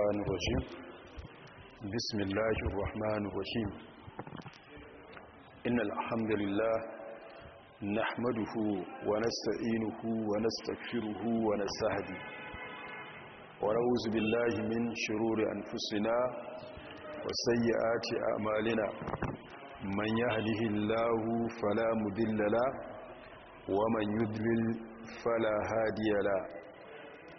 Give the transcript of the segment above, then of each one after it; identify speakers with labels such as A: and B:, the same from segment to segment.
A: الشيطان الرجيم بسم الله الرحمن الرحيم إن الحمد لله نحمده ونستعينه ونستغفره ونستهدي ونعوذ بالله من شرور أنفسنا وسيئات أعمالنا من يهده الله فلا مذل له ومن يذلل فلا هادي له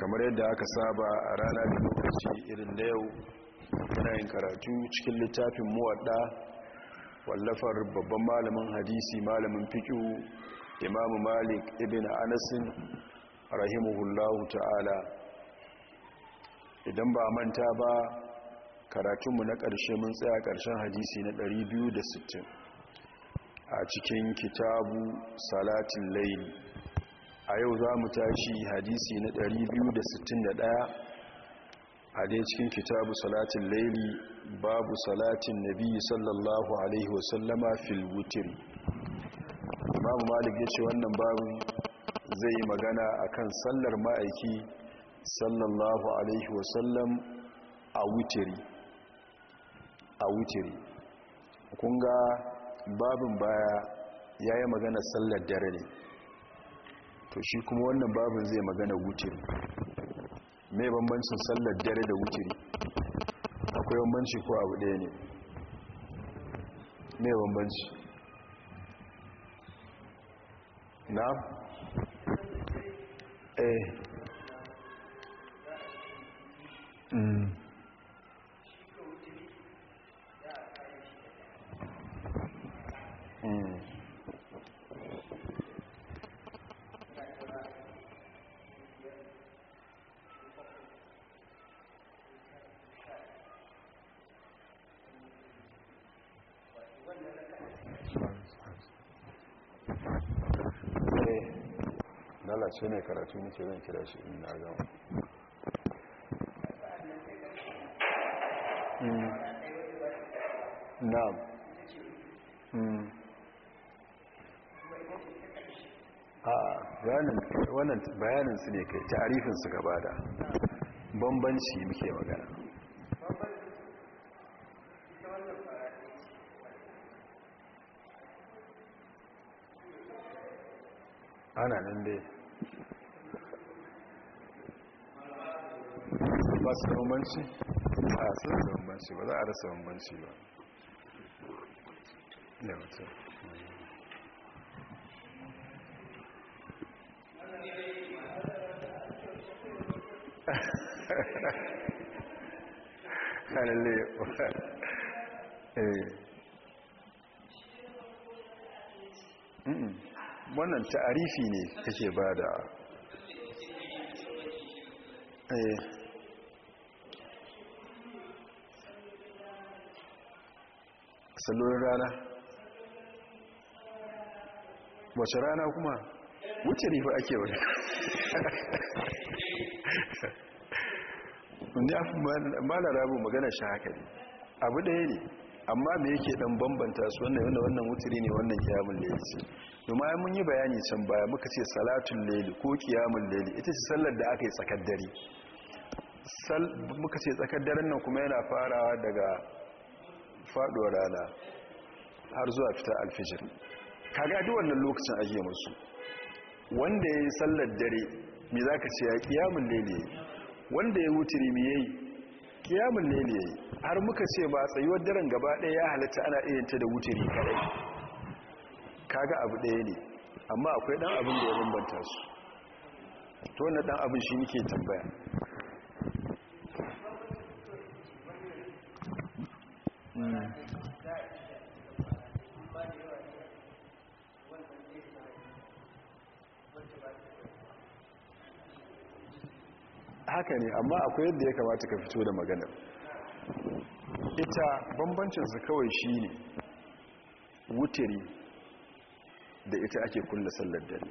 A: kamar yadda aka saba a rana da lokaci irin da yau yana yin karatu cikin littafin muwadda wallafar babban malamin hadisi malamin fiƙi imamu malik ibn anasin rahimahullahu ta'ala idan ba manta ba karatunmu na ƙarshe mun tsaya ƙarshen hadisi na 260 a cikin kitabu salatin laili a yau za mu tashi hadisi na 261 a dai cikin kitabu salatin laili babu salatin nabi sallallahu alaihi wasallama fil wutiri imamu malik ya ce wannan babu zai yi magana akan sallar ma'aiki sallallahu alaihi wasallam a wutiri a wutiri kunga babin baya ya yi magana sallar dare ne to shi kuma wannan babin zai magana wuce mai bambancin sallar dare da wutiri akwai bambanci ko abu ɗaya ne mai bambanci na? eh mm. karatu ne karatu ke zan kira shi na gama hmm. na'am hmm. a wannan bayanin su ne kai tarifin su gaba da bambanci muke magana ana nan dai ba su bambanci ba za rasa ba wannan ta'arifi ne kake ba da eh. rana wace rana kuma wuce rifa ake wani ne a malara abu magana shi haka ne abu da ya ne amma me yake dan bambanta su wannan wannan wuturi ne wannan kyamun da ya ce domin mun yi bayani can baya muka ce salatun laili ko kiyamun laili ita ce sallar da aka yi tsakar dare muka ce tsakar daren nan kuma yana farawa daga faduwar rana har zuwa fita alfijir kaga duk wannan lokacin ake musu wanda ya yi sallar dare mai za ka ce ya kiyamun laili wanda ya wuturi me yayi kiyamun laili har muka ce ba tsayuwar daren gaba ɗaya ya halatta ana iya ta da wuturi kadai kaga abu ɗaya ne amma akwai ɗan abin da ya bambanta su to wannan ɗan abin shi nike tambaya haka ne amma akwai yadda ya kamata ka fito da magana. ita bambancinsa kawai shi ne wutiri da ita ake kulla sallar dare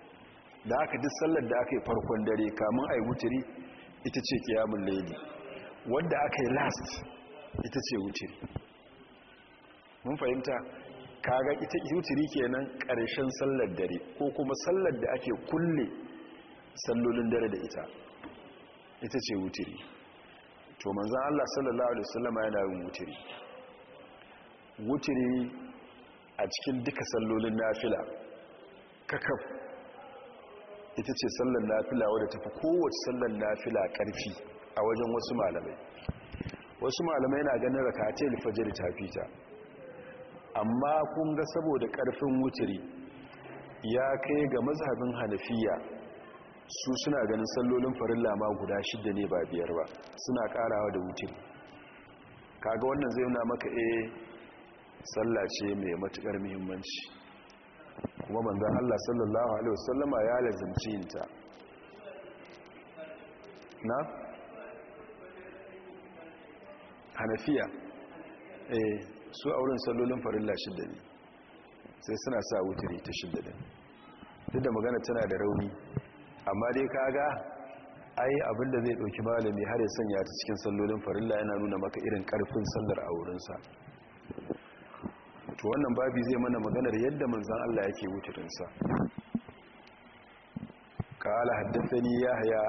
A: da aka duk sallar da aka yi farkon dare kamun a yi wuturi ita ce kiyamun laili wadda aka yi last ita ce wuturi mun fahimta kaga ita wuturi kenan ƙarshen sallar dare ko kuma sallar da ake kulle sallolin dare da ita ita ce wuturi to manzan Allah sallallahu alaihi wasallama yana yin wuturi wuturi a cikin duka sallolin nafila kakaf ita ce sallar nafila wadda tafi kowace sallar nafila karfi a wajen wasu malamai wasu malamai na ganin raka rakace alfajir ta ta. amma kun ga saboda karfin wuturi ya kai ga mazhabin hanafiya su suna ganin sallolin farin lama guda shidda ne ba biyar ba suna karawa da wuturi kaga wannan zai nuna maka e eh, sallace ce mai matukar muhimmanci kuma manzan Allah sallallahu alaihi wasallama ya lazimci ta na hanafiya eh su wurin sallolin farilla shidda ne sai suna sa wuturi ta shidda ne duk da magana tana da rauni amma dai kaga ai abinda zai dauki malami har ya sanya ta cikin sallolin farilla yana nuna maka irin karfin sallar a wurinsa to wannan babi zai mana maganar yadda manzan Allah yake mutuninsa ƙala Kala haddasa haya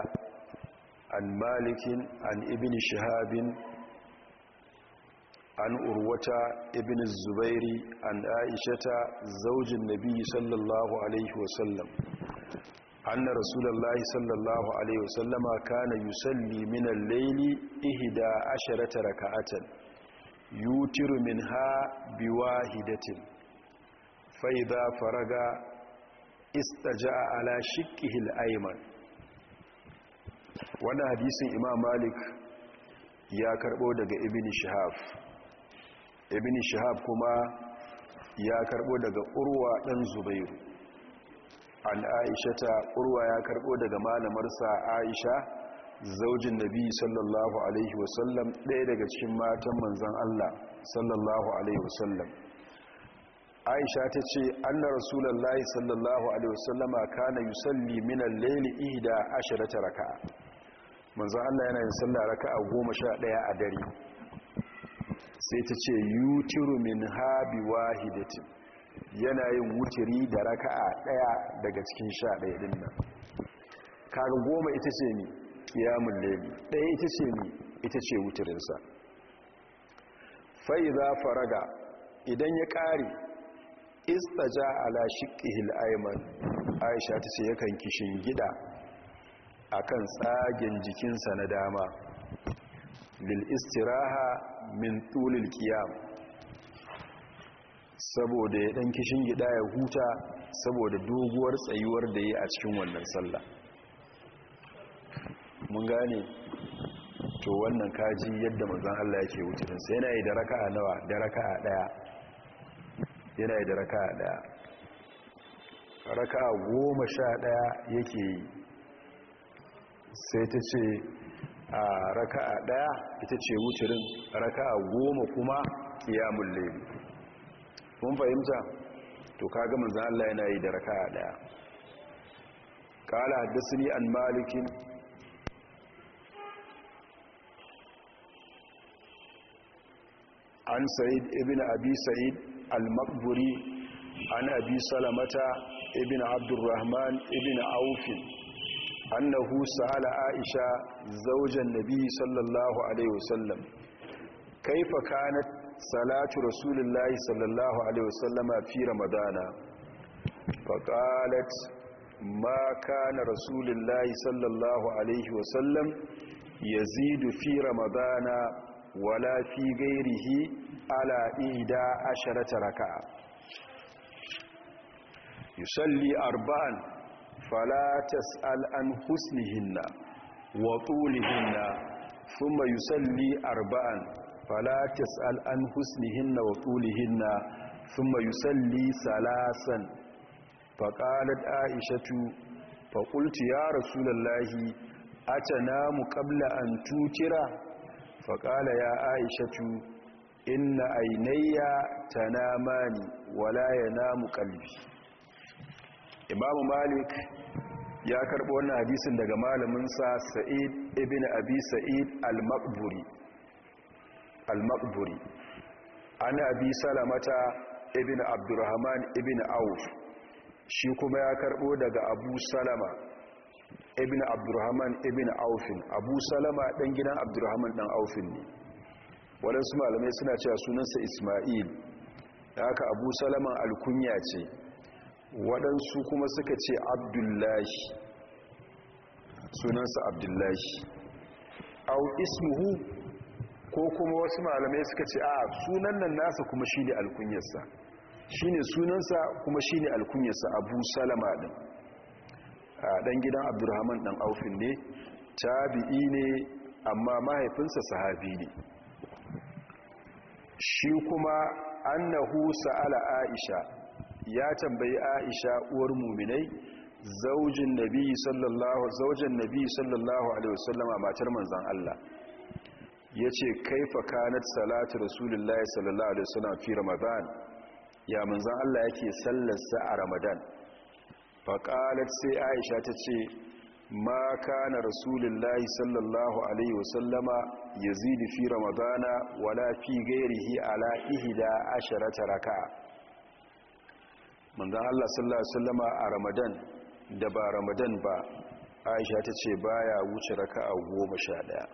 A: an malikin an ibin shahabin an urwata ibin zubairi an aishata zaujin nabi sallallahu alaihi wasallam an na rasulallah sallallahu alaihi wasallama kana yusalli minan laili ihida ashirata raka'atan yutiru min ha biwahidatin fa'iza faraga istaja ala shikkihil aiman Wani hadisin imam malik ya karbo daga ibn shihab ibn shihab kuma ya karbo daga urwa dan zubairu an aisha ta urwa ya karbo daga malamarsa aisha zaujin nabi sallallahu alaihi wasallam ɗaya daga cikin matan manzan Allah sallallahu alaihi wasallam aisha ta ce annar rasulallah sallallahu alaihi a kana yusalli min al-layli ihda ta raka'a manzan Allah yana yin goma sha ɗaya a dare sai ta ce yutiru min habi wahidatin yana yin wutiri da a daya daga cikin ɗaya ɗin nan kaga goma ita ce ne kiyamun laili ɗaya ita ce ni ita ce wuturinsa fa'iza faraga idan ya ƙare istaja ala shiqihil ayman aisha ta ce yakan kishin gida akan tsagen jikinsa na dama lil istiraha min tulil qiyam saboda ya dan kishin gida ya huta saboda doguwar tsayuwar da yi a cikin wannan sallah mun gane to wannan kaji yadda manzon Allah yake sai yana yi da raka'a nawa da raka'a daya yana yi da raka'a daya raka'a goma sha daya yake yi sai ta ce a raka'a daya ita ce wucirin raka'a goma kuma kiyamun lebe mun fahimta to kaga manzon Allah yana yi da raka'a daya قال حدثني عن مالك an sa'id ibn abi sa'id al-maqburi an abi salamata ibn abdurrahman ibn aufin annahu sa'ala aisha zaujan nabi sallallahu alaihi wasallam kaifa kanat salatu Rasulillahi, sallallahu alaihi wasallama fi ramadana faqalat ma kana Rasulillahi, sallallahu alaihi wasallam yazidu fi ramadana wala fi gairihi ala ida asharata raka'a yusalli arba'an fala tas'al an husnihinna wa tulihinna thumma yusalli arba'an fala tas'al an husnihinna wa tulihinna thumma yusalli salasan faqalat aishatu faqultu ya rasulallahi mu qabla an tutira faƙala ya aishatu inna ainayya ta namani wala ya namu kalbi imamu malik ya karɓo wannan hadisin daga malaminsa sa'id ibn abi sa'id al-maqburi al ana abi salamata ibn abdurrahman ibn auf shi kuma ya karɓo daga abu salama ibn abdurrahman ibn aufin abu salama ɗan gidan abdurrahman ɗan aufin ne waɗansu malamai suna cewa sunansa ismail da haka abu salaman alkunya ce waɗansu kuma suka ce abdullahi sunansa abdullahi au ismuhu ko kuma wasu malamai suka ce a sunan nan nasa kuma shi ne alkunyarsa shi ne sunansa kuma shi ne alkunyarsa abu salama ɗin dan gidan abdurrahman dan aufin ne tabi'i ne amma mahaifinsa sahabi ne shi kuma annahu sa'ala aisha ya tambayi aisha uwar muminai zaujin nabi sallallahu zaujin nabi sallallahu alaihi wasallama matar manzon Allah yace kaifa kanat salatu rasulullahi sallallahu alaihi wasallam fi ramadan ya manzon Allah yake sallarsa a ramadan faƙalat sai aisha ta ce ma kana rasulullahi sallallahu alaihi wasallama ya zidi fi ramadana wala fi gairihi ala ihida asharata raka manzan allah sallallahu alaihi wasallama a ramadan da ba ramadan ba aisha ta ce ba ya wuce raka a goma sha ɗaya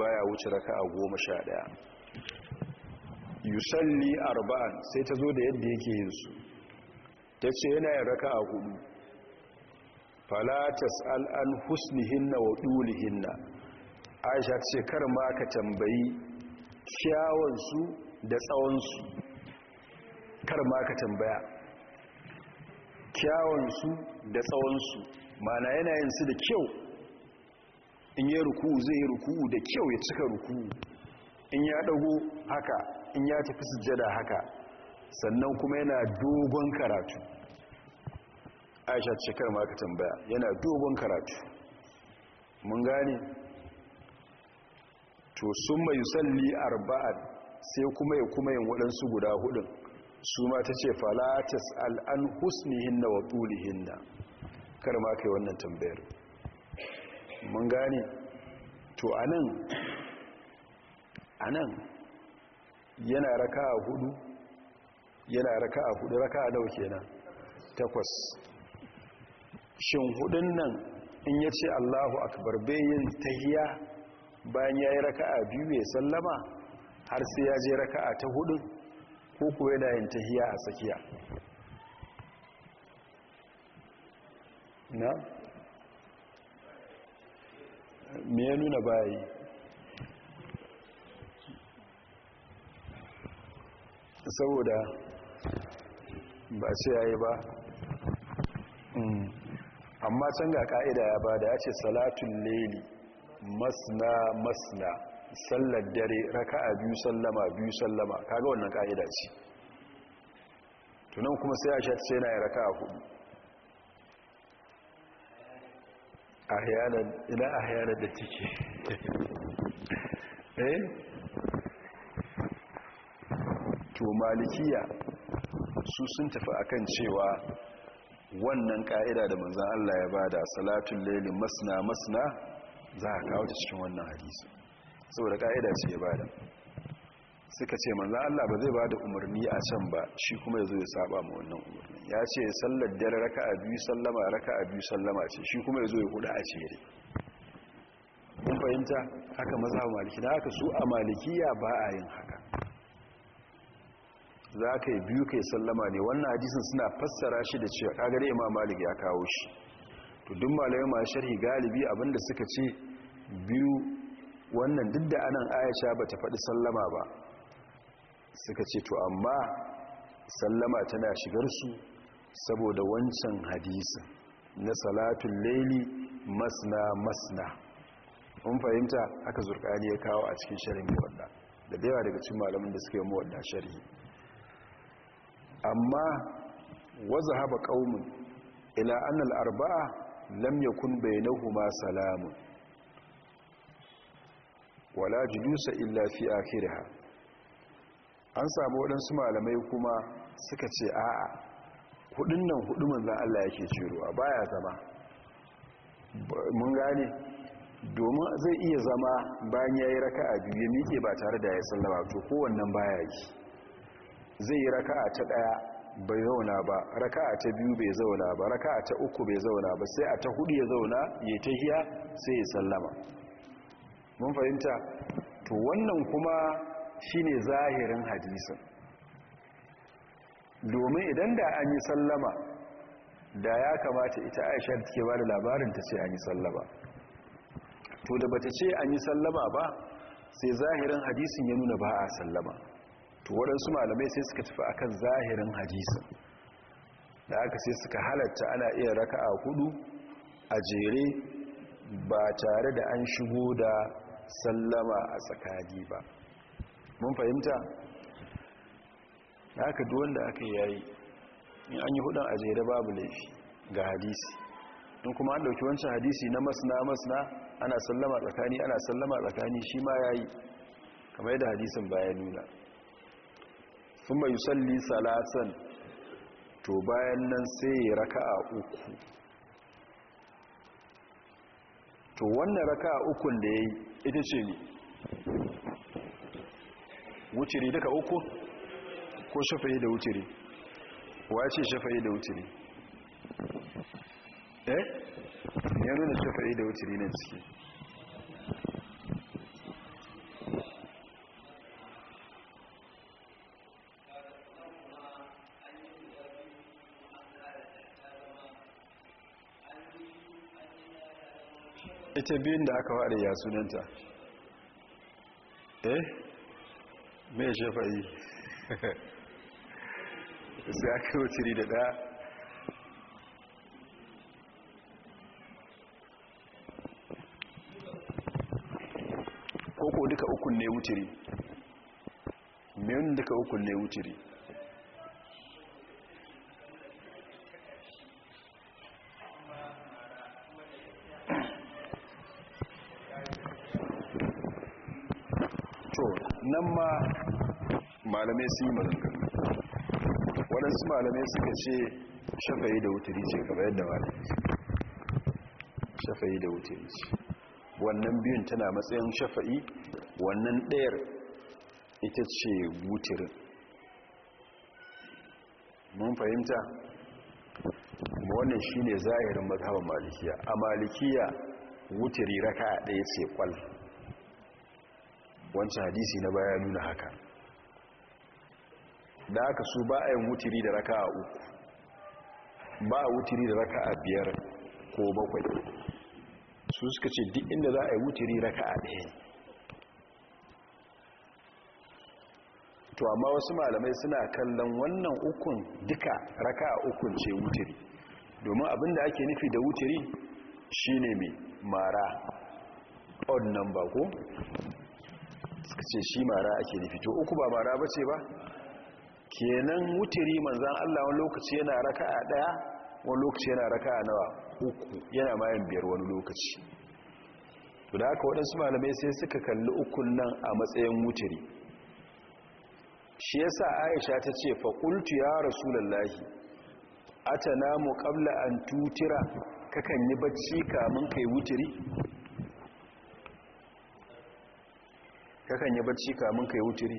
A: baya wuce raka a goma sha daya yusalli arba'an sai ta zo da yadda yake yin su ta ce yana yin raka a hudu falatas al'an husnihinna wa hinna. aisha ce kar ma ka tambayi kyawansu da tsawonsu kar ma ka tambaya Kyawansu da tsawonsu mana yanayinsu da kyau in yi ruku zai yi ruku da kyau ya cika ruku in ya ɗago haka in ya tafi sujjada haka sannan kuma yana dogon karatu aisha ta ma ka tambaya yana dogon karatu mun gane to sun mai salli arba'ad sai kuma ya kuma yin waɗansu guda hudun su ma ta ce falatis al'an husnihinna wa tulihinna kar ma kai wannan tambayar mun gane to anan anan yana raka hudu yana raka'a hudu raka'a nawa kenan takwas shin hudun nan in ya ce Allahu akbar ta tahiya bayan ya yi raka'a biyu ya sallama har sai ya je raka'a ta hudu ko kuwa yana yin tahiya a tsakiya na me ya nuna bayi saboda ba sai ya yi ba hmm. amma can ga ka'ida ya ba da ya ce salatun leli masna masna sallar dare a biyu sallama biyu sallama kaga wannan ka'ida ce tunan kuma sai ya sha sai na raka a hudu ina a hayanar da take eh to malikiya su sun tafi a kan cewa wannan ka'ida da manzan Allah ya bada salatun lalin masna masna za a kawo ta cikin wannan hadisi saboda ka'ida ce ya bada suka ce manzan Allah ba zai bada umarni a can ba shi kuma ya zo ya saba ma wannan umarni ya ce sallar dare raka a biyu sallama raka a biyu sallama ce shi kuma ya zo ya hudu a cere kun fahimta haka maza maliki na haka su a malikiya ba a yin haka za ka yi biyu ka yi sallama ne wannan hadisun suna fassara shi da cewa kagare imam malik ya kawo shi to duk malamai ma sharhi galibi abinda suka ce biyu wannan duk da anan aisha ba ta faɗi sallama ba suka ce to amma sallama tana shigar su saboda wancan hadisun na salatun laili masna masna mun fahimta aka zurkani ya kawo a cikin sharhin wadda da daya daga cikin malamin da suka yi muwadda sharhi amma waza haɓa ƙaunin ila annal arba'a lam yakun huma salamun wala jidusa illa fi akhiriha an samu waɗansu malamai kuma suka ce a'a hudun nan hudu manzan Allah yake cirowa baya zama mun gane domin zai iya zama bayan ya yayi a biyu ya miƙe ba tare da ya sallama to kowannan baya yi zai yi raka'a ta ɗaya bai zauna ba raka'a ta biyu bai zauna ba raka'a ta uku bai zauna ba sai a ta hudu ya zauna ya tahiya sai ya sallama mun fahimta to wannan kuma shine zahirin hadisin domin idan da an yi sallama da ya kamata ita aisha da ke ba da labarin ta ce an yi sallama to da bata ce an yi sallama ba sai zahirin hadisin ya nuna ba a sallama waɗansu malamai sai suka tafi akan zahirin hadisin da aka sai suka halatta ana iya raka a hudu a jere ba tare da an shigo da sallama a tsakani ba mun fahimta da aka duwan da aka yayi in an yi hudun a jere babu laifi ga hadisi in kuma an dauki wancan hadisi na masna masna ana sallama tsakani ana sallama tsakani shi ma yayi kamar yadda hadisin baya nuna sun mai salli salatan to bayan nan sai ya raka a uku to wannan raka a ukun da ya yi ita ce ne wuciri daga uku ko shafayi da wuciri wa ce shafayi da wuciri eh ya nuna shafayi da wuciri na ciki ita biyun da aka ware ya sunanta eh mai yi sai aka wuciri da ɗaya koko duka ukun ne wuciri miyun duka ukun ne wuciri nan ma malamai sun yi maganganu waɗansu malamai suka ce shafayi da wuturi ce kamar yadda malamai shafayi da wuturi ce wannan biyun tana matsayin shafa'i wannan ɗayar ita ce wuturin mun fahimta wannan shi ne zahirin mazhaban malikiya a malikiya wuturi raka ɗaya ce kwal wancan hadisi na baya nuna haka da aka su ba a yin wutiri da raka a uku ba a wutiri da raka a biyar ko bakwai su suka ce duk inda za a yi wutiri raka a ɗaya to amma wasu malamai suna kallon wannan ukun duka raka a ukun ce wutiri domin abinda ake nufi da wutiri shine mai mara odd number ko suka ce shi mara ake nufi to uku ba mara ba ce ba kenan wutiri manzan Allah wani lokaci yana raka a ɗaya wani lokaci yana raka a nawa uku yana mayan biyar wani lokaci to da haka waɗansu malamai sai suka kalli ukun nan a matsayin wutiri shi ya sa aisha ta ce faƙultu ya rasu lallahi? a ta mu ƙabla an tutira kakan yi bacci kamun kai wutiri kakan yi ka kamun kai wuturi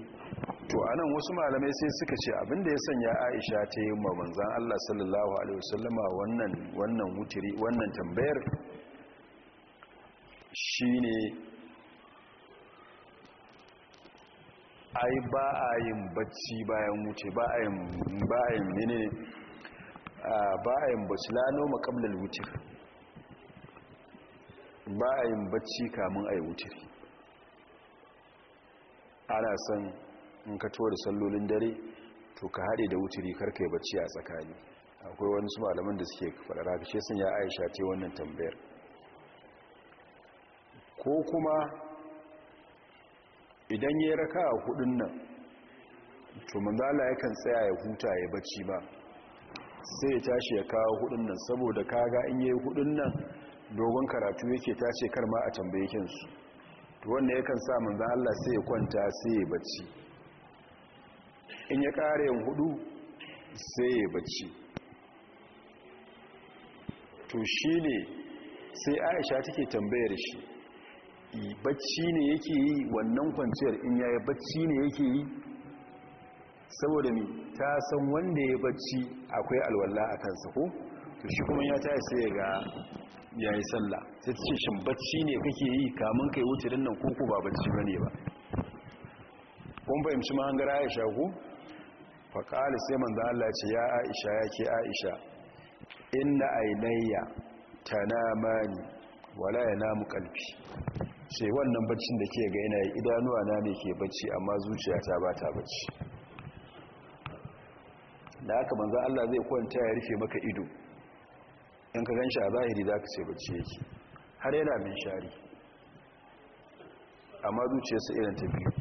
A: to anan wasu malamai sai suka ce abinda ya sanya Aisha ta yi ma Allah sallallahu alaihi wasallama wannan wannan wuturi wannan tambayar shine ai ba a yin barci bayan wuce ba a yin ba a yin ne ba a yin barci lano maqablal wuturi ba a yin barci kamun ai wuturi ana son in ka tori sallolin dare to ka haɗe da wuturi karka yi bacci a tsakani akwai wani su malaman da suke faɗa rafi shi sun ya aisha ce wannan tambayar ko kuma idan ya raka a hudun nan to manzala yakan tsaya ya huta ya bacci ba sai ya tashi ya kawo hudun nan saboda kaga in yi hudun nan dogon karatu yake kar ma a tambayi kinsu to wanda kan sa manzan Allah sai ya kwanta sai ya bacci in ya kare yin hudu sai ya bacci to shi ne sai aisha take tambayar shi bacci ne yake yi wannan kwanciyar in ya yi bacci ne yake yi saboda mi ta san wanda ya bacci akwai alwallah a kansa ko to shi kuma ya ta sai ga ya yi sallah sai ta ce shin bacci ne kake yi kamun kai wuce din nan koko ba bacci ba ne ba kun fahimci mahangar aisha ku faƙali sai manzan Allah ce ya aisha ya ke aisha inna ainihya ta namani wala ya namu kalfi ce wannan baccin da ke ga yanayi idanuwa na ne ke bacci amma zuciya ta ba ta bacci da haka manzan Allah zai kwanta ya rufe maka ido in ka ganshi a zahiri za ka ce bacci yake har yana min shari amma zuciyarsa irin ta biyu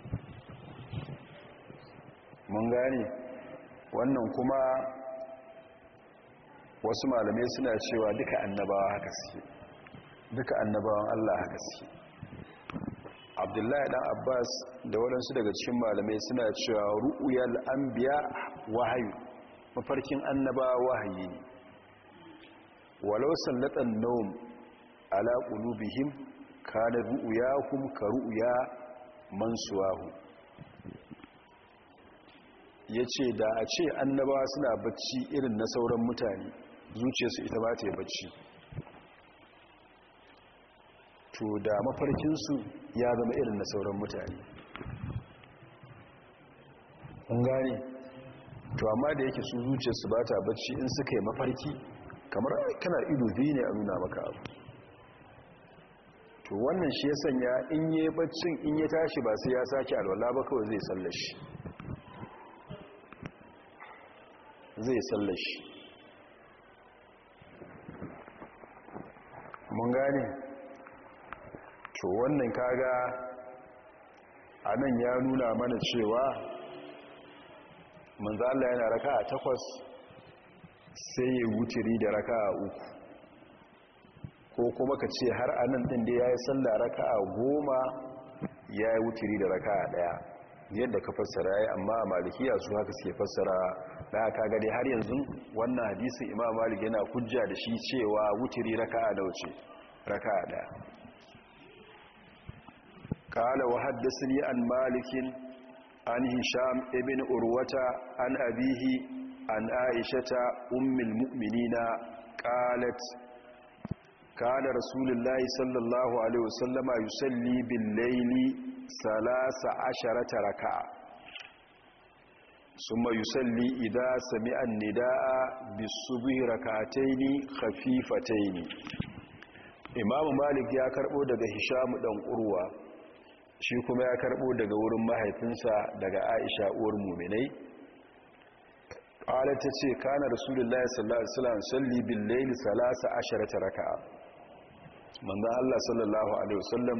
A: mun gane wannan kuma wasu malamai suna cewa duka annabawa haka suke duka annabawan Allah haka suke abdullahi dan abbas da waɗansu daga cikin malamai suna cewa ru'uyal biya wahayu mafarkin annabawa wahayi ne walau sallatan naum ala qulubihim kana ru'yahum ka ru'ya man Ya yace da a ce annabawa suna bacci irin na sauran mutane zuciyarsu ita ba ta yi bacci to da mafarkinsu ya zama irin na sauran mutane kun gane to amma da yake su zuciyarsu ba ta bacci in suka yi mafarki kamar kana ido zai ne a nuna maka abu to wannan shi ya sanya in yi baccin in yi tashi ba sai ya sake alwala ba kawai zai sallashi zai sallashi mun gane to wannan kaga a nan ya nuna mana cewa manzala yana raka a takwas sai ya wuturi da raka a uku ko kuma ka ce har anan ɗin da ya yi sallah raka a goma ya yi wuturi da raka a ɗaya yadda ka fassara ya amma a malikiya su haka suke fassara da ka gade har yanzu wannan hadisun imam malik yana kujja da shi cewa wuturi raka a dauce raka a ɗaya haddasa ni an malikin an hisham ibn urwata an abihi an aishata ummul mu'minina qalat kana rasulullahi sallallahu alaihi wasallama yusalli bil laili salasa asharata raka'a summa yusalli idan sami'a an-nidaa bis subhi rak'ataini khafifataini imamu malik ya karbo daga Hishamu dan urwa shi kuma ya karbo daga wurin mahaifinsa daga aisha uwar muminai ƙwale ta ce kana rasulullahi sallallahu alaihi wasallam salli bin laili salasa ta raka a. manzon Allah sallallahu alaihi sallam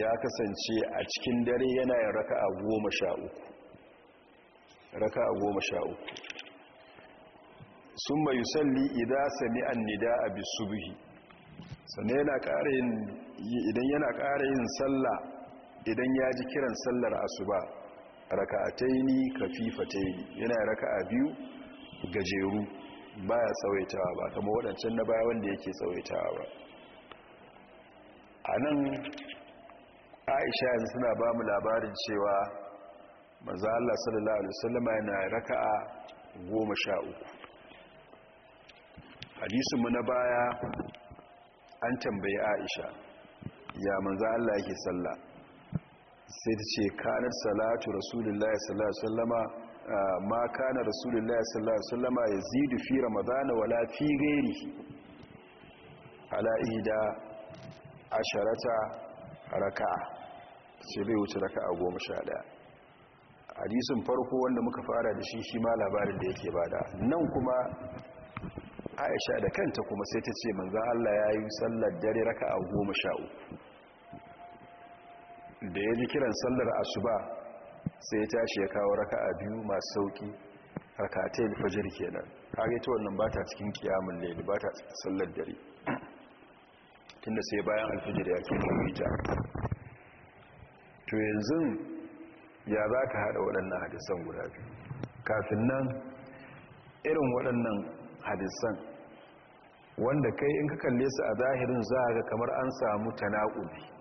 A: ya kasance a cikin dare yana yin a goma sha uku raka a goma sha uku sun mai yusalli idan sami an nida a bisubihi sannan yana ƙara yin idan yana ƙara yin sallah idan ya ji kiran sallar asu ba. raka'ataini kafifataini yana raka'a biyu gajeru baya tsawaitawa ba kamar waɗancan na baya wanda yake tsawaitawa ba anan aisha yanzu suna ba mu labarin cewa manzo Allah sallallahu alaihi wasallam yana raka'a goma sha uku na baya an tambayi aisha ya manzo Allah yake sallah sai ta ce kanar salatu rasulullah sallallahu alaihi wasallama ma kana rasulullah sallallahu alaihi wasallama yazidu fi ramadan wala fi ghairi ala ida asharata raka'a ce bai wuce raka'a goma sha daya hadisin farko wanda muka fara da shi shi ma labarin da yake bada nan kuma aisha da kanta kuma sai ta ce manzo allah ya yi sallar dare raka'a goma sha uku da ya ji kiran sallar asuba sai ya tashi ya kawo a biyu masu sauki rakatai alfajir kenan kage ta wannan ba ta cikin kiyamun ba ta cikin sallar dare tunda sai bayan alfajir ya ke ta to yanzu ya za ka haɗa waɗannan hadisan guda biyu kafin nan irin waɗannan hadisan wanda kai in ka kalle su a zahirin za ga kamar an samu tanaƙubi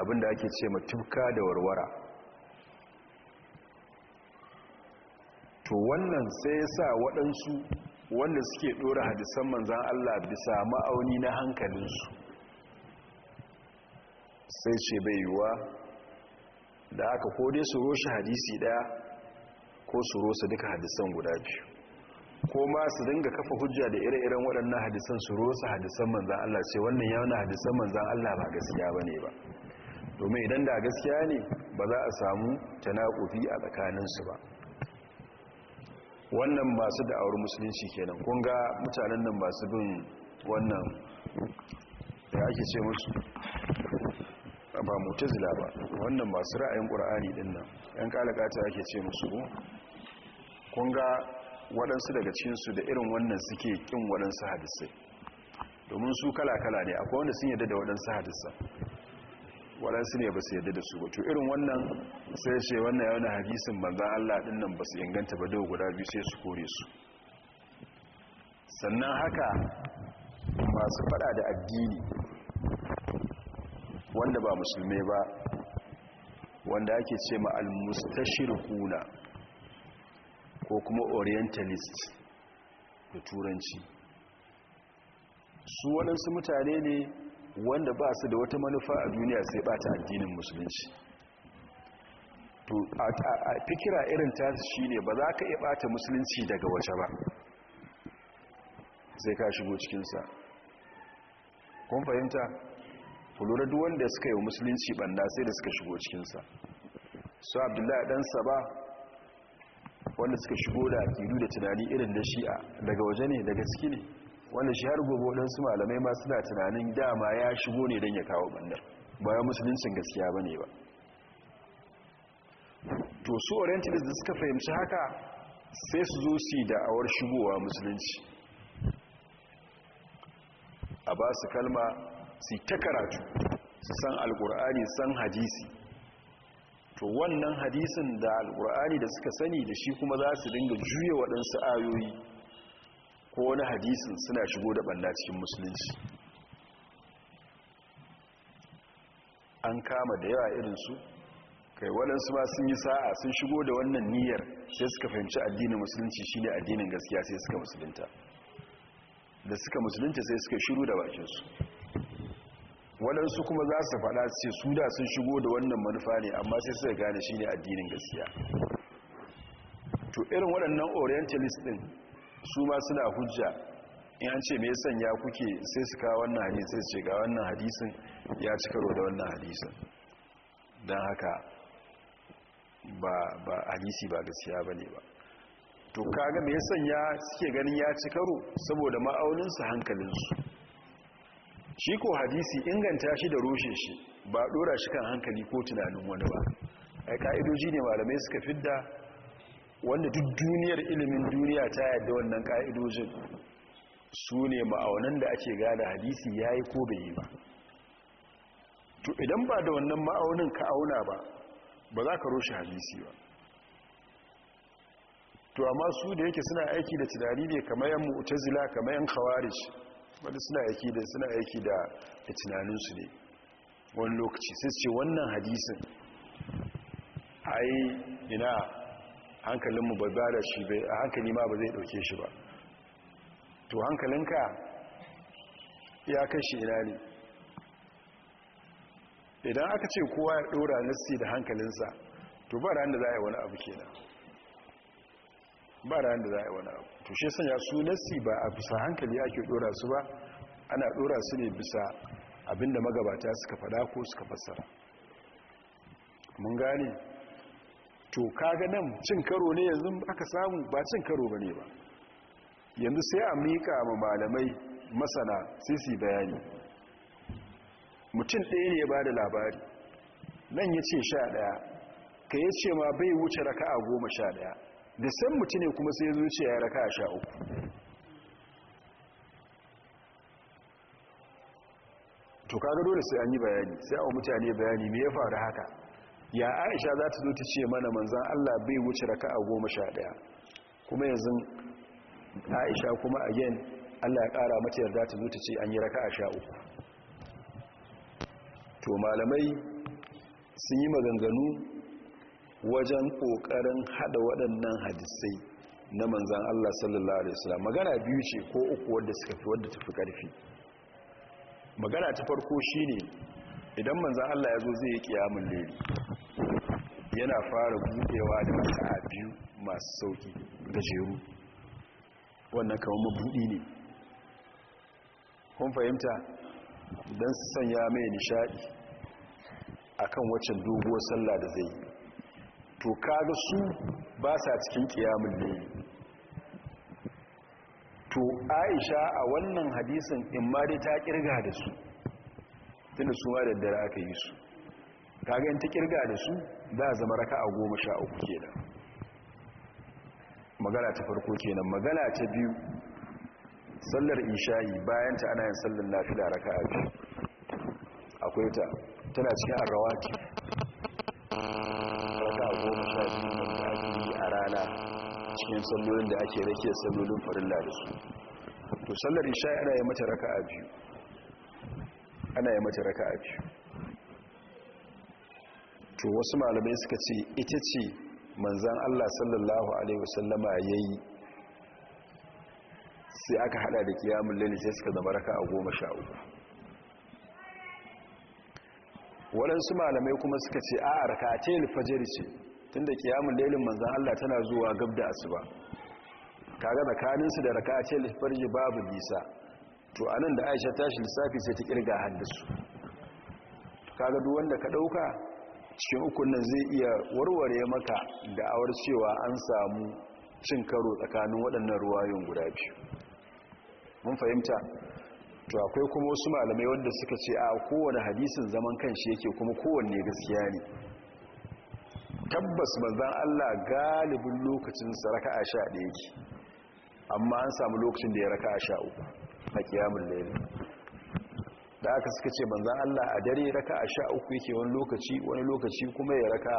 A: abinda ake ce matufka da warwara to wannan sai ya sa waɗansu wanda suke ɗora hadisan manzan Allah bisa ma'auni na hankalinsu sai ce bai yiwuwa da aka kode su roshi hadisi ɗaya ko su rosa duka hadisan guda biyu ko ma su dinga kafa hujja da ire-iren waɗannan hadisan su rosa hadisan manzan Allah sai wannan yana hadisan manzan Allah ba gaskiya ba ne ba domin idan da gaskiya ne ba za a samu tanakufi a tsakaninsu ba wannan masu da'awar musulunci kenan kun ga mutanen nan masu bin wannan da ake ce musu ba zila ba wannan masu ra'ayin ƙura'ani din nan ‘yan ƙalaƙata ake ce musu kun ga waɗansu daga cinsu da irin wannan suke ƙin waɗansu hadisai domin su kala-kala ne akwai wanda sun yadda da waɗansu hadisai waɗansu ne ba su yadda da su ba to irin wannan sai ce wannan yawon hadisin banzan allah ɗin nan ba su inganta ba da guda biyu sai su kore su sannan haka masu fada da addini wanda ba musulmai ba wanda ake ce ma huna ko kuma orientalist da turanci su waɗansu mutane ne wanda ba su da wata manufa a duniya sai bata addinin musulunci to a fikira irin tasu ne ba za ka iya bata musulunci daga wace ba sai ka shigo cikinsa kun fahimta ku lura duk wanda suka yi musulunci banda sai da suka shigo cikinsa su abdullahi dan saba wanda suka shigo da akidu da tunani irin da shi'a daga waje ne daga ciki ne wanda shi har gobe waɗansu malamai ma suna tunanin dama ya shigo ne don ya kawo bandar bayan musuluncin gaskiya ba ne ba to su orientalist da suka fahimci haka sai su zo si da awar shigowa musulunci a ba su kalma su ta karatu su san alkur'ani san hadisi to wannan hadisin da alkur'ani da suka sani da shi kuma za su dinga juya waɗansu ayoyi ko wani hadisin suna shigo da balla cikin musulunci an kama da yawa irinsu kai waɗansu ma sun yi sa'a sun shigo da wannan niyyar sai suka fahimci addinin musulunci shi ne addinin gaskiya sai suka musulunta da suka musulunta sai suka shiru da bakinsu waɗansu kuma za su faɗa ce su da sun shigo da wannan manufa ne amma sai suka gane shi ne addinin gaskiya to irin waɗannan orientalist ɗin su ma suna hujja in an ce me sanya kuke sai su kawo wannan sai ce ga wannan hadisun ya ci karo da wannan hadisun don haka ba hadisi ba gaskiya ba ne ba to kaga me sanya suke ganin ya ci karo saboda ma'auninsu hankalinsu shi ko hadisi inganta shi da rushe shi ba dora shi kan hankali ko tunanin wani ba a ka'idoji ne malamai suka fidda wanda duk duniyar ilimin duniya ta yadda wannan ka'idojin su ne ma'aunan da ake gane hadisi ya yi ko bai yi ba to idan ba da wannan ma'aunin ka auna ba ba za ka roshe hadisi ba to amma su da yake suna aiki da tunani ne kamar yan mu'tazila kamar yan khawarij wanda suna aiki da suna aiki da tunaninsu ne wani lokaci sai ce wannan hadisin ai ina hankalinmu ba ba da shi bai hankali ma ba zai dauke shi ba to hankalinka ya kai shi ina ne idan aka ce kowa ya dora nassi da hankalinsa to ba ran da za a yi wani abu kenan ba ran da za a yi wani abu to shi sanya su nassi ba a bisa hankali ake dora su ba ana dora su ne bisa abinda magabata suka fada ko suka fassara mun gane to kaga nan cin karo ne yanzu aka samu ba cin karo ba ne ba yanzu sai a mika ma malamai masana sisi bayani mutum ɗaya ne ba da labari nan ya ce sha ɗaya ka yi ce ma bai wuce raka a goma sha ɗaya da san mutum ne kuma sai zuciya ya raka a sha uku to kaga dole sai an yi bayani sai a mutane bayani me ya faru haka ya aisha za ta zo ta ce mana manzan allah bai wuce raka a goma sha ɗaya kuma yanzu aisha kuma a again allah ya ƙara mace yarda ta zo ta ce an yi raka a sha uku to malamai sun yi maganganu wajen ƙoƙarin haɗa waɗannan hadisai na manzan allah sallallahu alaihi wasallam magana biyu ce ko uku wadda suka fi wadda ta fi ƙarfi magana ta farko shine idan manzan Allah ya zo zai yi kiyamun lere yana fara buɗewa da raka'a biyu masu sauki gajeru wannan kamar mabuɗi ne kun fahimta don sanya mai nishaɗi akan waccan doguwar sallah da zai to kaga su ba sa cikin kiyamun lere to aisha a wannan hadisin in ma dai ta kirga da su tunda su ma daddare aka yi su kaga in ta kirga da su za zama raka a goma sha uku da. magana ta farko kenan magana ta biyu sallar isha'i bayan ta ana yin sallar nafila raka a biyu akwai ta tana cikin ke raka a goma sha biyu na ake yi a rana cikin sallolin da ake rake sallolin farilla da su to sallar isha'i ana yi mata raka a biyu ana yi mata raka a biyu to wasu malamai suka ce ita ce manzan allah sallallahu alaihi wasallama ya yi sai aka hada da kiyamun lalle sai suka zama raka a goma sha uku waɗansu malamai kuma suka ce a a ce alfajiri ce tun da kiyamun lailin manzan allah tana zuwa gab da asuba kaga tsakaninsu da raka a ce alfajiri babu nisa to anan da aisha tashi lissafi sai ta kirga haddasu kaga duk wanda ka dauka cikin ukun nan zai iya warware maka da awar cewa an samu cin karo tsakanin waɗannan ruwayoyin guda biyu mun fahimta to akwai kuma wasu malamai wanda suka ce a kowane hadisin zaman kanshi yake kuma kowanne gaskiya ne tabbas manzon Allah galibin lokacin sa raka'a 11 yake amma an samu lokacin da ya raka'a 13 a kiyamun lairi da aka suka ce banzan Allah a dare raka a sha uku yake wani lokaci wani lokaci kuma ya raka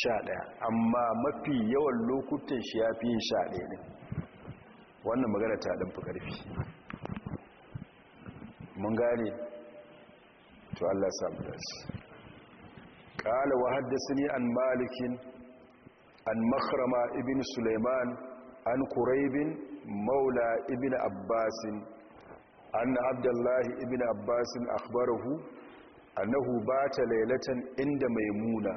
A: sha ɗaya amma mafi yawan lokutan shi ya fi sha ɗaya ne wannan magana ta ɗan fi ƙarfi mun gane to Allah samu dace ƙala wa haddathani an malikin an makarama ibini suleiman an kuraibin maula ibini Abbasin. anna abdullahi ibn abbasin akhbarahu annahu ta lailatan inda maimuna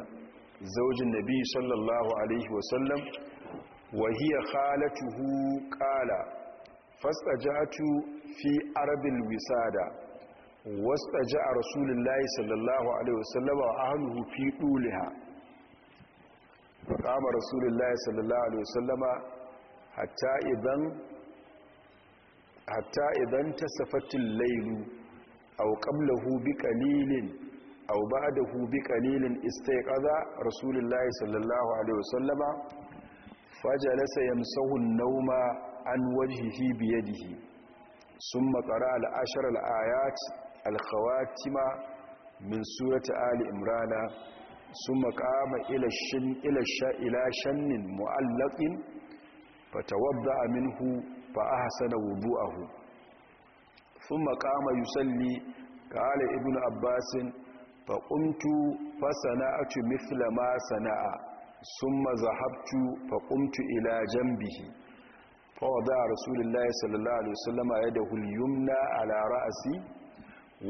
A: zaujin nabi sallallahu alaihi wasallam wa hiya khalatuhu qala fastaja'tu fi arbil wisada wastaja'a rasulullahi sallallahu alaihi wasallam wa ahluhu fi duliha فقام رسول Sallallahu alaihi الله عليه وسلم حتى hatta idan ta safatin lailu au qablahu bi qalilin au ba'dahu bi qalilin istayqaza rasulullahi sallallahu alaihi wasallama fajalasa yamsahu an-nawma an wajhihi bi yadihi thumma qara al-ashr al-ayat al-khawatima min surati ali imrana thumma qama ila shin ila sha shannin mu'allaqin minhu fa ahsana wudu'ahu thumma qama yusalli qala ibn abbas fa qumtu fa sana'atu mithla ma sana'a thumma zahabtu fa qumtu ila janbihi fa wada rasulullahi sallallahu alaihi wasallama yadahu al-yumna ala ra'si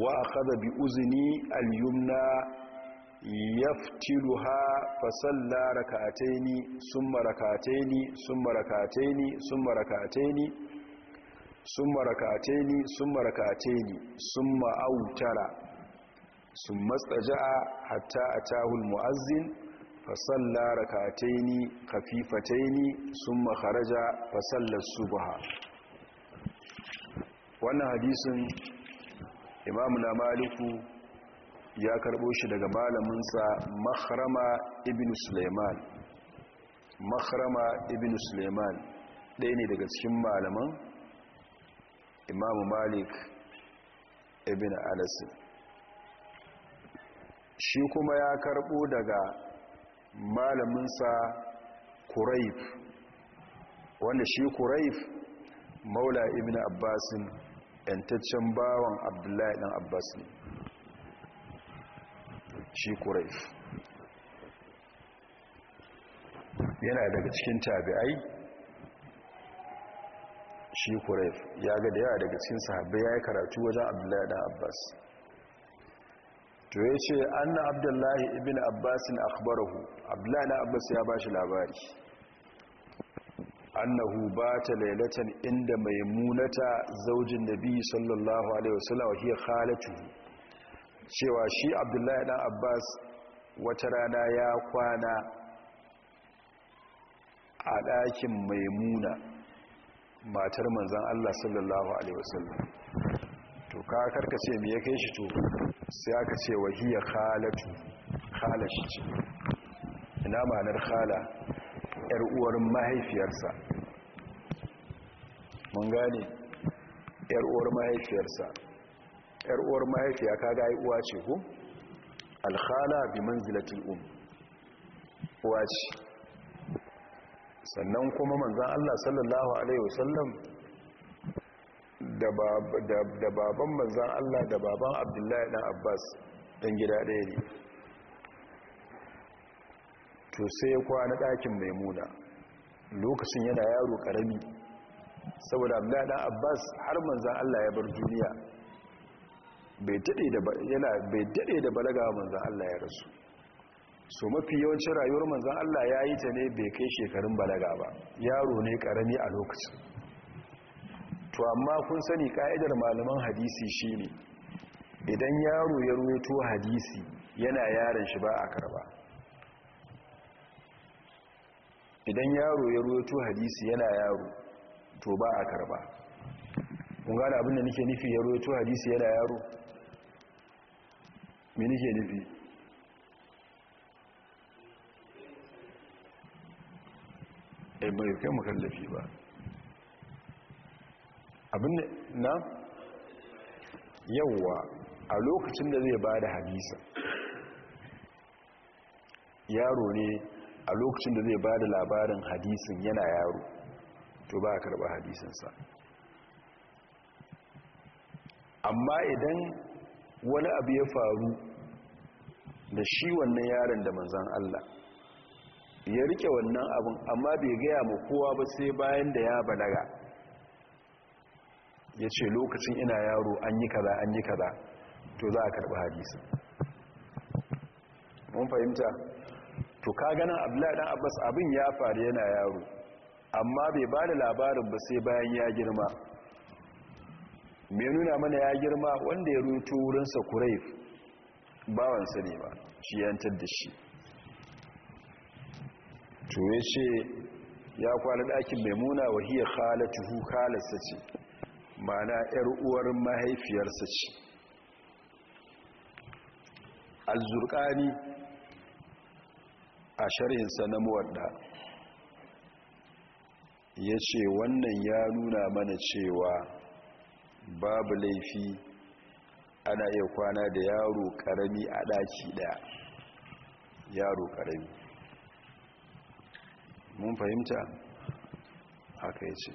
A: wa akhadha bi uzni al yaftiruha fasalla rak'ataini summa rak'ataini summa rak'ataini summa rak'ataini summa rak'ataini summa rak'ataini summa autara summa staja'a hatta atahu almu'azzin fasalla rak'ataini khafifataini summa kharaja fa subha wannan hadisin imamu na maliku ya karbo shi daga malaminsa mahrama ibn suleiman mahrama ibn suleiman ɗaya ne daga cikin malaman imamu malik ibn alasi shi kuma ya karbo daga malaminsa kuraif wanda shi kuraif maula ibn abbasin yantaccen bawan abdullahi ɗan abbas ne shi quraish yana daga cikin tabi'ai shi quraish ya ga da yawa daga cikin sahabbai ya yi karatu wajen abdullahi ɗan abbas to ya ce na abdullahi ibn abbasin akbarahu abdullahi ɗan abbas ya ba shi labari annahu ta lailatan inda maimunata zaujin da biyu, sallallahu alaihi wasallam hiya halatu cewa shi abdullahi dan abbas wata rana ya kwana a ɗakin maimuna matar manzan allah sallallahu alaihi wasallam to ka karka ce me ya kai shi to sai aka ce wahiyar halatu halashi ce ina ma'anar hala yar uwar mahaifiyarsa mun gane yar uwar mahaifiyarsa yar uwar mahaifiya kaga ai uwa ce ko alkhala bi manzilatil um uwa ce sannan kuma manzan Allah sallallahu alaihi wasallam da baban manzan Allah da baban Abdullahi dan Abbas dan gida ɗaya ne to sai ya kwana dakin maimuna lokacin yana yaro ƙarami saboda Abdullahi dan Abbas har manzan Allah ya bar duniya bai daɗe da balaga manzan Allah ya rasu so mafi yawancin rayuwar manzan Allah ya yi ta ne bai kai shekarun balaga ba yaro ne ƙarami a lokacin to amma kun sani ƙa'idar malaman hadisi shi ne idan yaro ya ruwaito hadisi yana yaron shi ba a karba idan yaro ya ruwaito hadisi yana yaro to ba a karba kun gane abinda nake nufi ya ruwaito hadisi yana yaro mini ke nufi e bai kai makallafi ba abin na yawwa a lokacin da zai ba da hadisa yaro ne a lokacin da zai ba da labarin hadisin yana yaro to ba a karba hadisinsa amma idan wani abu ya faru da shi wannan yaron da manzan Allah ya rike wannan abin amma bai gaya ma kowa ba sai bayan da ya balaga ya ce lokacin ina yaro an yi kaza an yi kaza to za a karɓi hadisi mun fahimta to ka ganin abdullahi dan abbas abin ya faru yana yaro amma bai ba da labarin ba sai bayan ya girma mai nuna mana ya girma wanda ya ruto wurinsa kuraif bawansa ne ba shi yantar da shi to ya ce ya kwana ɗakin mai maimuna wahiyar halatuhu halarsa ce ma'ana 'yar uwar mahaifiyarsa ce alzurkani a sharhinsa na muwadda ya ce wannan ya nuna mana cewa babu laifi ana iya kwana da yaro karami a daki daya yaro karami mun fahimta haka ya ce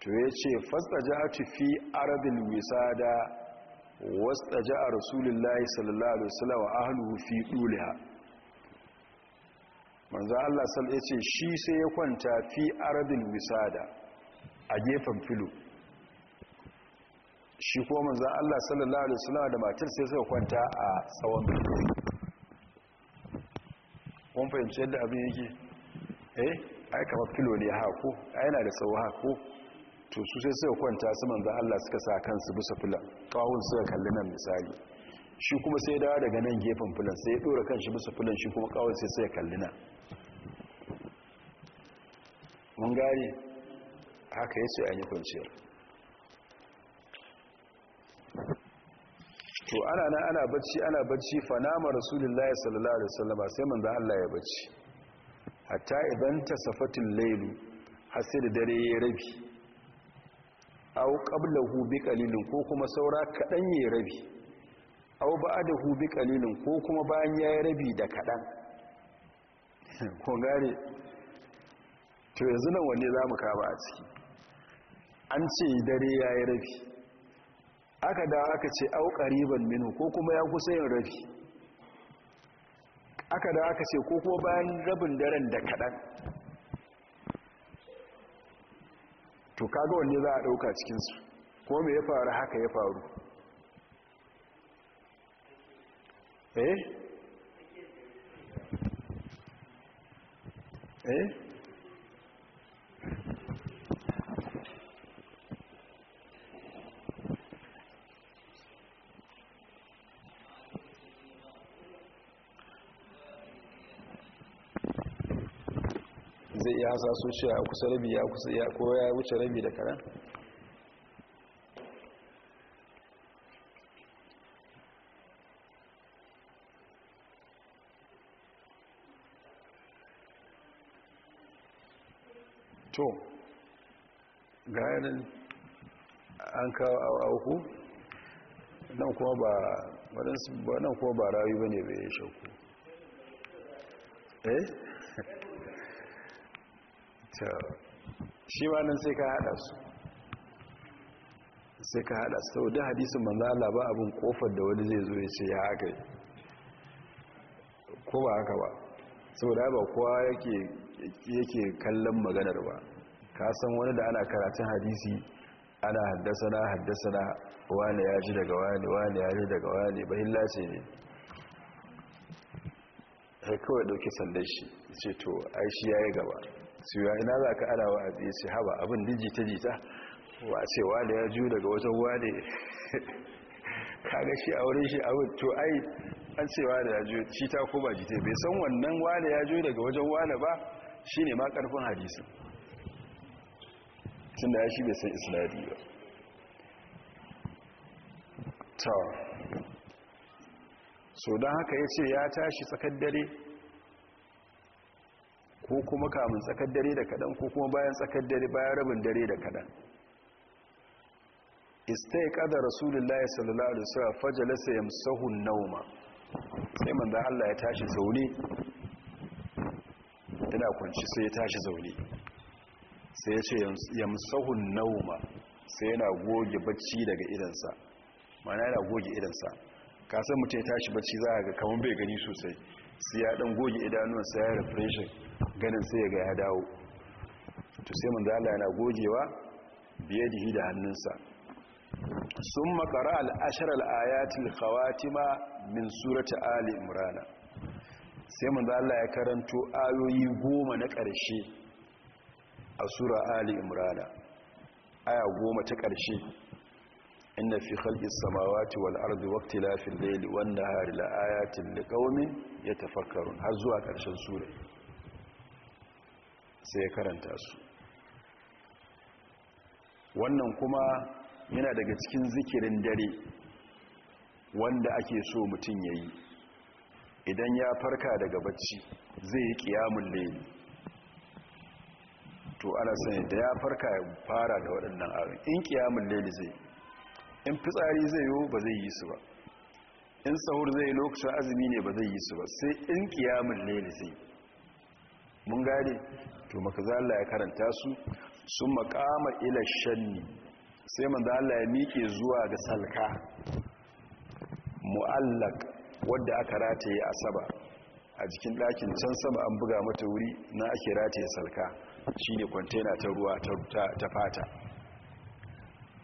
A: to ya ce fastaja'atu fi arabil wisada a rasulullahi sallallahu alaihi wasallam a hannu fi duliha manzo Allah sal ya ce shi sai ya kwanta fi arabin wisada a gefen filo shi ko manzan Allah sallallahu alaihi wasallam da matar sai suka kwanta a tsawon bidoi kun fahimci yadda abin yake eh ai kamar kilo ne haku ai yana da tsawo haku to su sai suka kwanta su manzan Allah suka sa kansu bisa fulan kawun suka kalli nan misali shi kuma sai dawo daga nan gefen fulan sai ya dora kanshi bisa fulan shi kuma kawun sai sai kalli nan mun gane haka yace a yi kwanciyar to ana nan ana bacci ana bacci fa nama rasulullahi sallallahu alaihi wasallam sai manzo Allah ya bacci hatta idan tasafatul layl har dare ya rabi aw qablahu bi qalilin ko kuma saura kadan ya rabi aw ba'dahu bi qalilin ko kuma bayan ya rabi da kadan ko gare to yanzu nan wanne zamu kaba a ciki an ce dare ya rabi aka dawo aka ce au ƙariban minu ko kuma ya kusa yin rabi aka dawo aka ce ko kuma bayan rabin daren da kaɗan to kaga wanne za a ɗauka cikinsu ko me ya faru haka ya faru eh eh ya hasaso a kusa rabi ya kusa ya ko ya wuce rabi da karan to ganin an kawo auku nan kuma ba wadansu ba nan kuma ba rayu ba ne bai shauku eh shi ba nan sai ka hada su sai ka hada su sau da hadisun manzala ba abin kofar da wani zai zo ya ce ya haka ko ba haka ba sau da ba kowa yake kallon maganar ba ka san wani da ana karatun hadisi ana haddasana haddasana wane ya ji daga wane wane ya ji daga wane bayan ce ne sai kawai dauki sandan shi ce to ai shi ya yi gaba cewa ina za ka ana wa'azi ya ce haba abin dijita-jita wa cewa da ya ju daga wajen wane kaga shi a wurin shi abin to ai an cewa da ya ju shi ta ko ba jita bai san wannan wane ya ju daga wajen wane ba shi ne ma karfin hadisi tun da ya shi bai san isladi ba so don haka ya ce ya tashi tsakar dare ko kuma kamun tsakar dare da kaɗan ko kuma bayan tsakar dare bayan rabin dare da kaɗan istai kada rasulullahi sallallahu alaihi wasallam fajalasa yamsahu nauma sai manzo Allah ya tashi zaune yana kwanci sai ya tashi zaune sai ya ce yamsahu nauma sai yana goge bacci daga idansa mana yana goge idansa kasan mutum ya tashi bacci za a ga kamar bai gani sosai sai ya dan goge sai ya refreshing ganin sai ya ga ya dawo to sai manzo Allah yana gogewa biye da hannunsa sun makara ayati al khawatima min surati ali imran sai manzo Allah ya karanto ayoyi goma na ƙarshe a sura ali imran aya goma ta ƙarshe inna fi khalqis samawati wal ardi waqtilafil layli wan nahari la ayatin liqaumin yatafakkarun har zuwa karshen sura sai ya karanta su wannan kuma yana daga cikin zikirin dare wanda ake so mutum yayi idan ya farka daga bacci zai yi qiyamul layli to ana sani da ya farka ya fara da waɗannan abin in ƙiyamun leli zai in fitsari zai yiwu ba zai yi su ba in sahur zai lokacin azumi ne ba zai yi su ba sai in kiyamun laili sai mun gane to makazalla ya karanta su sun makama ila shanni sai manzala ya miƙe zuwa ga salka mu'allak wadda aka rataye a saba a jikin ɗakin can sama an buga mata wuri na ake rataye salka shine kwantena ta ruwa ta fata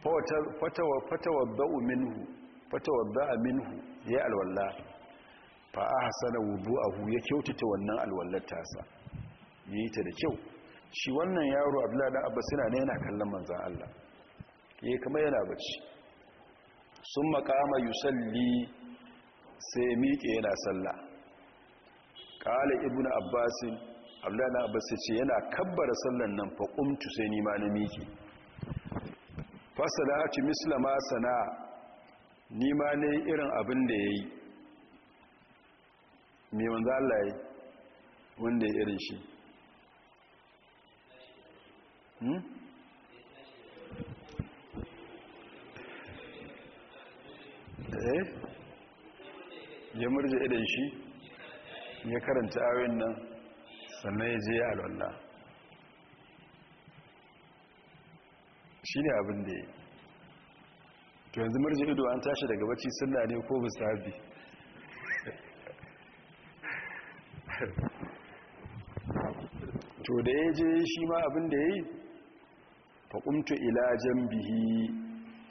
A: fatawabba'u minhu fatawadda'a minhu ya alwalla fa ahsana wudu'ahu ya kyautata wannan alwallar tasa yayi ta da kyau shi wannan yaro Abdullahi dan Abbas yana ne yana kallon manzon Allah yayi eh, kama yana bacci summa qama yusalli sai miƙe yana sallah qala ibnu abbas Abdullahi dan Abbas ce yana kabbara sallan nan fa qumtu sai ni ma na miƙe fasana'atu misla ma sana'a ni ma ne irin abin da ya yi mai wanzu Allah ya wanda ya irin shi hmm? eh ya murje irin shi ya karanta awin nan sannan ya je ya alwallah shi ne abin da ya yi to yanzu murji ido an tashi daga bacci sunna ne ko musabi to da ya je shi ma abin da ya yi faƙumtu ilajen bihi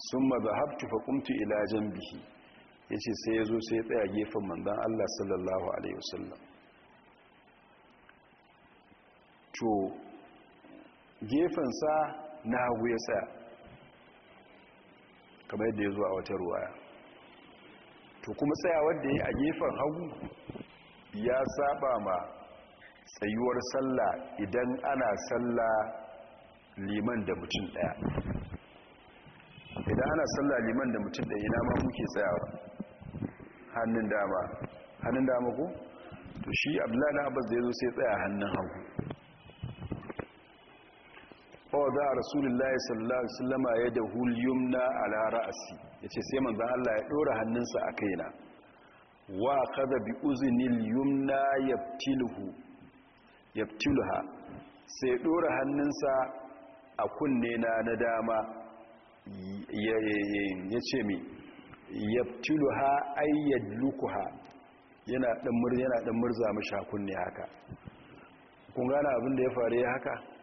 A: sun haftu faƙumtu ilajen bihi ya ce sai ya zo sai ya tsaya gefen mandan Allah sallallahu Alaihi wasallam to gefensa na hagu ya tsaya kamar yadda ya zo a wata ruwaya to kuma tsaya da ya a gefen hagu ya saba ma tsayuwar sallah idan ana sallah liman da mutum daya idan ana sallah liman da mutum daya ina ma muke tsayawa hannun dama hannun dama ku? to shi abdullahi abbas da zo sai tsaya hannun hagu fawada a rasulullahi sallallahu alaihi sallama ya da hulyumna ala ra'asi yace sai manzan Allah ya ɗora hannunsa a kaina wa qada bi uznil yumna yabtiluhu yabtilha sai ɗora hannunsa a kunne na na dama yace mi yabtilha ayyadlukuha yana dan murza yana dan murza mashi kunne haka kun gane abin da ya faru ya haka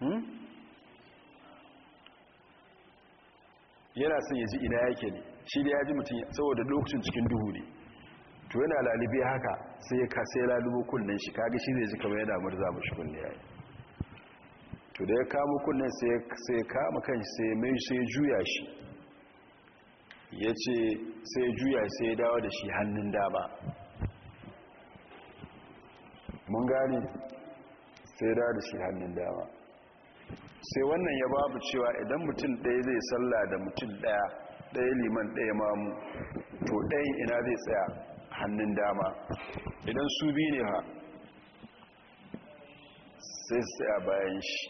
A: Hmm? yana son ya ji ina yake ne shi da ya ji mutum saboda lokacin cikin duhu ne to yana lalibi haka sai ya sai lalubo kunnen shi kaga shi zai ji kamar yana murza mashi kunne ya yi to da ya kama kunnen sai ya kama kan shi sai mai sai juya shi ya ce sai juya sai ya dawo da shi hannun dama mun gane sai dawo da shi hannun dama sai wannan ya babu cewa idan mutum ɗaya zai salla da mutum ɗaya ɗaya liman ɗaya mamu to ɗayan ina zai tsaya hannun dama idan su biyu ne ha sai tsaya bayan shi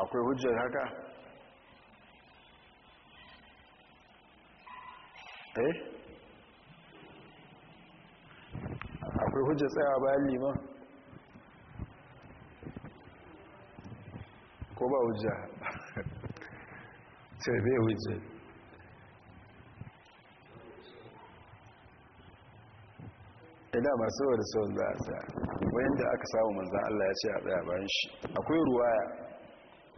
A: akwai hujjar haka eh akwai hujjar tsaya bayan liman ko ba hujja ce bai hujja ina masu wadda sauran za a tsaya wayan da aka samu manzan Allah ya ce a tsaya bayan shi akwai ruwaya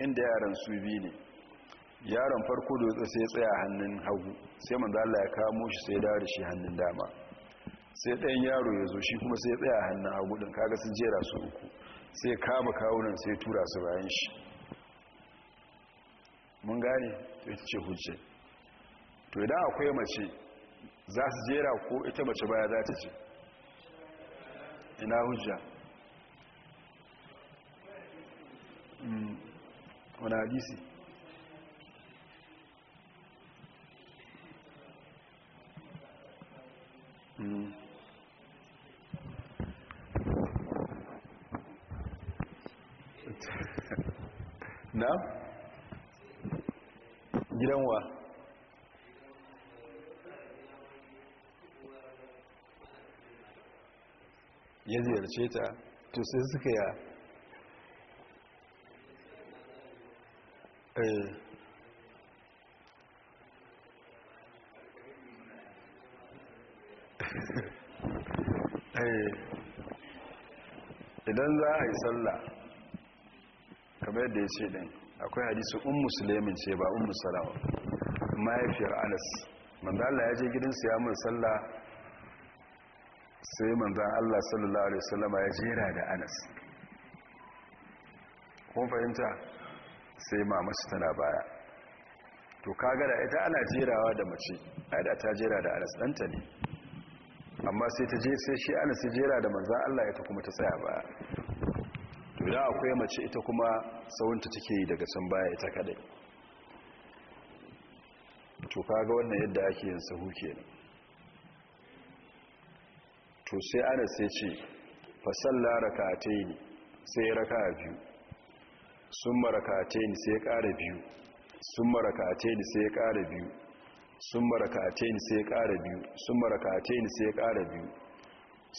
A: inda yaran su biyu ne yaron farko da sai tsaya hannun hagu sai manzan Allah ya kamo shi sai dawo da shi hannun dama sai ɗayan yaro ya zo shi kuma sai tsaya hannun hagu ɗin kaga sun jera su uku sai kama kawunan sai tura su bayan shi mun gane ita ce hujje to idan akwai mace za su jera ko ita mace baya za ta ce ina hujja hmm, wana hadisi hmm. na? gidan wa ya ziyarce ta to sai suka ya eh. Eh. idan za a yi sallah kamar da ya ce ɗin akwai hadisu un musulmin ce ba ummu salama mahaifiyar anas manzo Allah ya je gidan su ya mun sallah sai manzo Allah sallallahu alaihi wasallama ya jera da anas kun fahimta sai mama su tana baya to kaga da ita ana jerawa da mace ai da ta jera da anas danta ne amma sai ta je sai shi anas ya jera da manzo Allah ya ta kuma ta tsaya baya guda akwai mace ita kuma tsawonta take yi daga can baya ita kadai to kaga wannan yadda ake yin sahu kenan to sai ana sai ce fa salla rak'atayn sai raka a biyu summa rak'atayn sai ƙara biyu summa rak'atayn sai ƙara biyu summa rak'atayn sai ƙara biyu summa rak'atayn sai ƙara biyu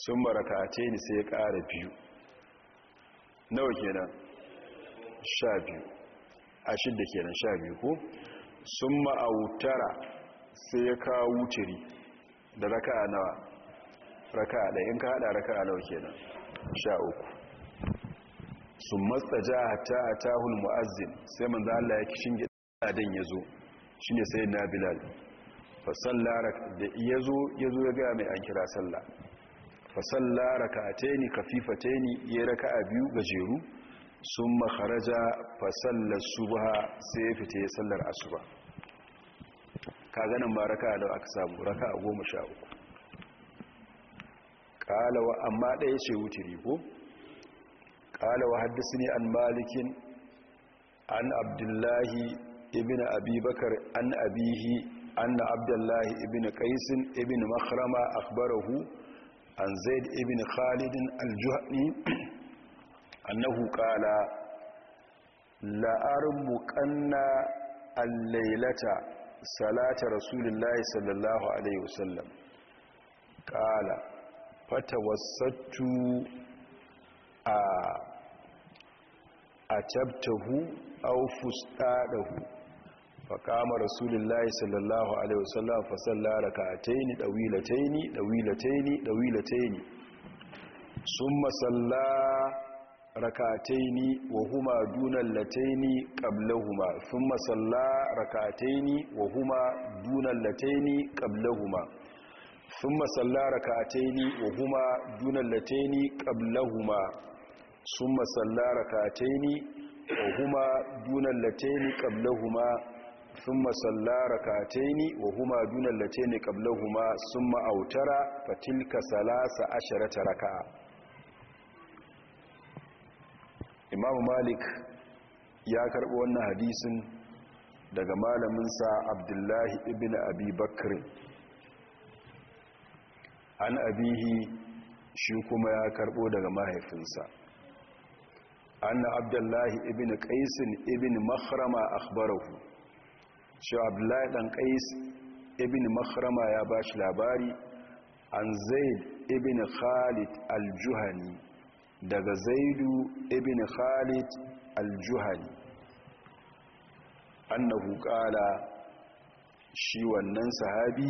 A: summa rak'atayn sai ƙara biyu nawa kenan sha biyu a shidda kenan sha biyu ko sun ma'autara sai ya kawo wuturi da raka a nawa a da in ka haɗa raka a nawa kenan sha uku sun matsa ja ta a tahun mu'azzin sai manza Allah ya kishin gidan ya zo shi ne sai na bilal fasalla ya zo ya zo ya gaya mai an kira sallah fasalla raka'ataini kafifataini ya raka'a biyu gajeru sun makaraja fasallar subha sai ya fita ya sallar asuba ka ganin ba raka'a da aka samu a goma sha uku ƙalawa amma ɗaya ce wutiri ko ƙalawa haddasa ne an malikin an abdullahi ibn Abibakar, an abihi an na abdullahi ibn kaisin ibn makarama akbarahu an zai zaid ibn khalidin aljuhani annahu ƙala. la'ar muqanna al-lailata salata rasulullahi sallallahu alaihi wasallam fata fatawassatu a atabtahu au fustadahu faƙama rasulullahi sallallahu alaihi wasallam fasalla raka'ataini dawilataini dawilataini dawilataini summa salla raka'ataini wa huma dunal lataini qablahuma thumma salla raka'ataini wa huma dunal lataini qablahuma thumma salla raka'ataini wa huma dunal lataini qablahuma thumma salla raka'ataini wa huma dunal lataini qablahuma thumma salla rak'ataini wa huma dunal lataini qablahuma thumma autara fatilka salasa asharata raka'a Imam Malik ya karɓo wannan hadisin daga malaminsa Abdullahi ibn Abi an abihi shi kuma ya karɓo daga mahaifinsa anna abdullahi ibn qaisin ibn makhrama akhbarahu shi abdullahi dan qais ibn makhrama ya bashi labari an zaid ibn khalid al-juhani daga zaidu ibn khalid al-juhani annahu qala shi wannan sahabi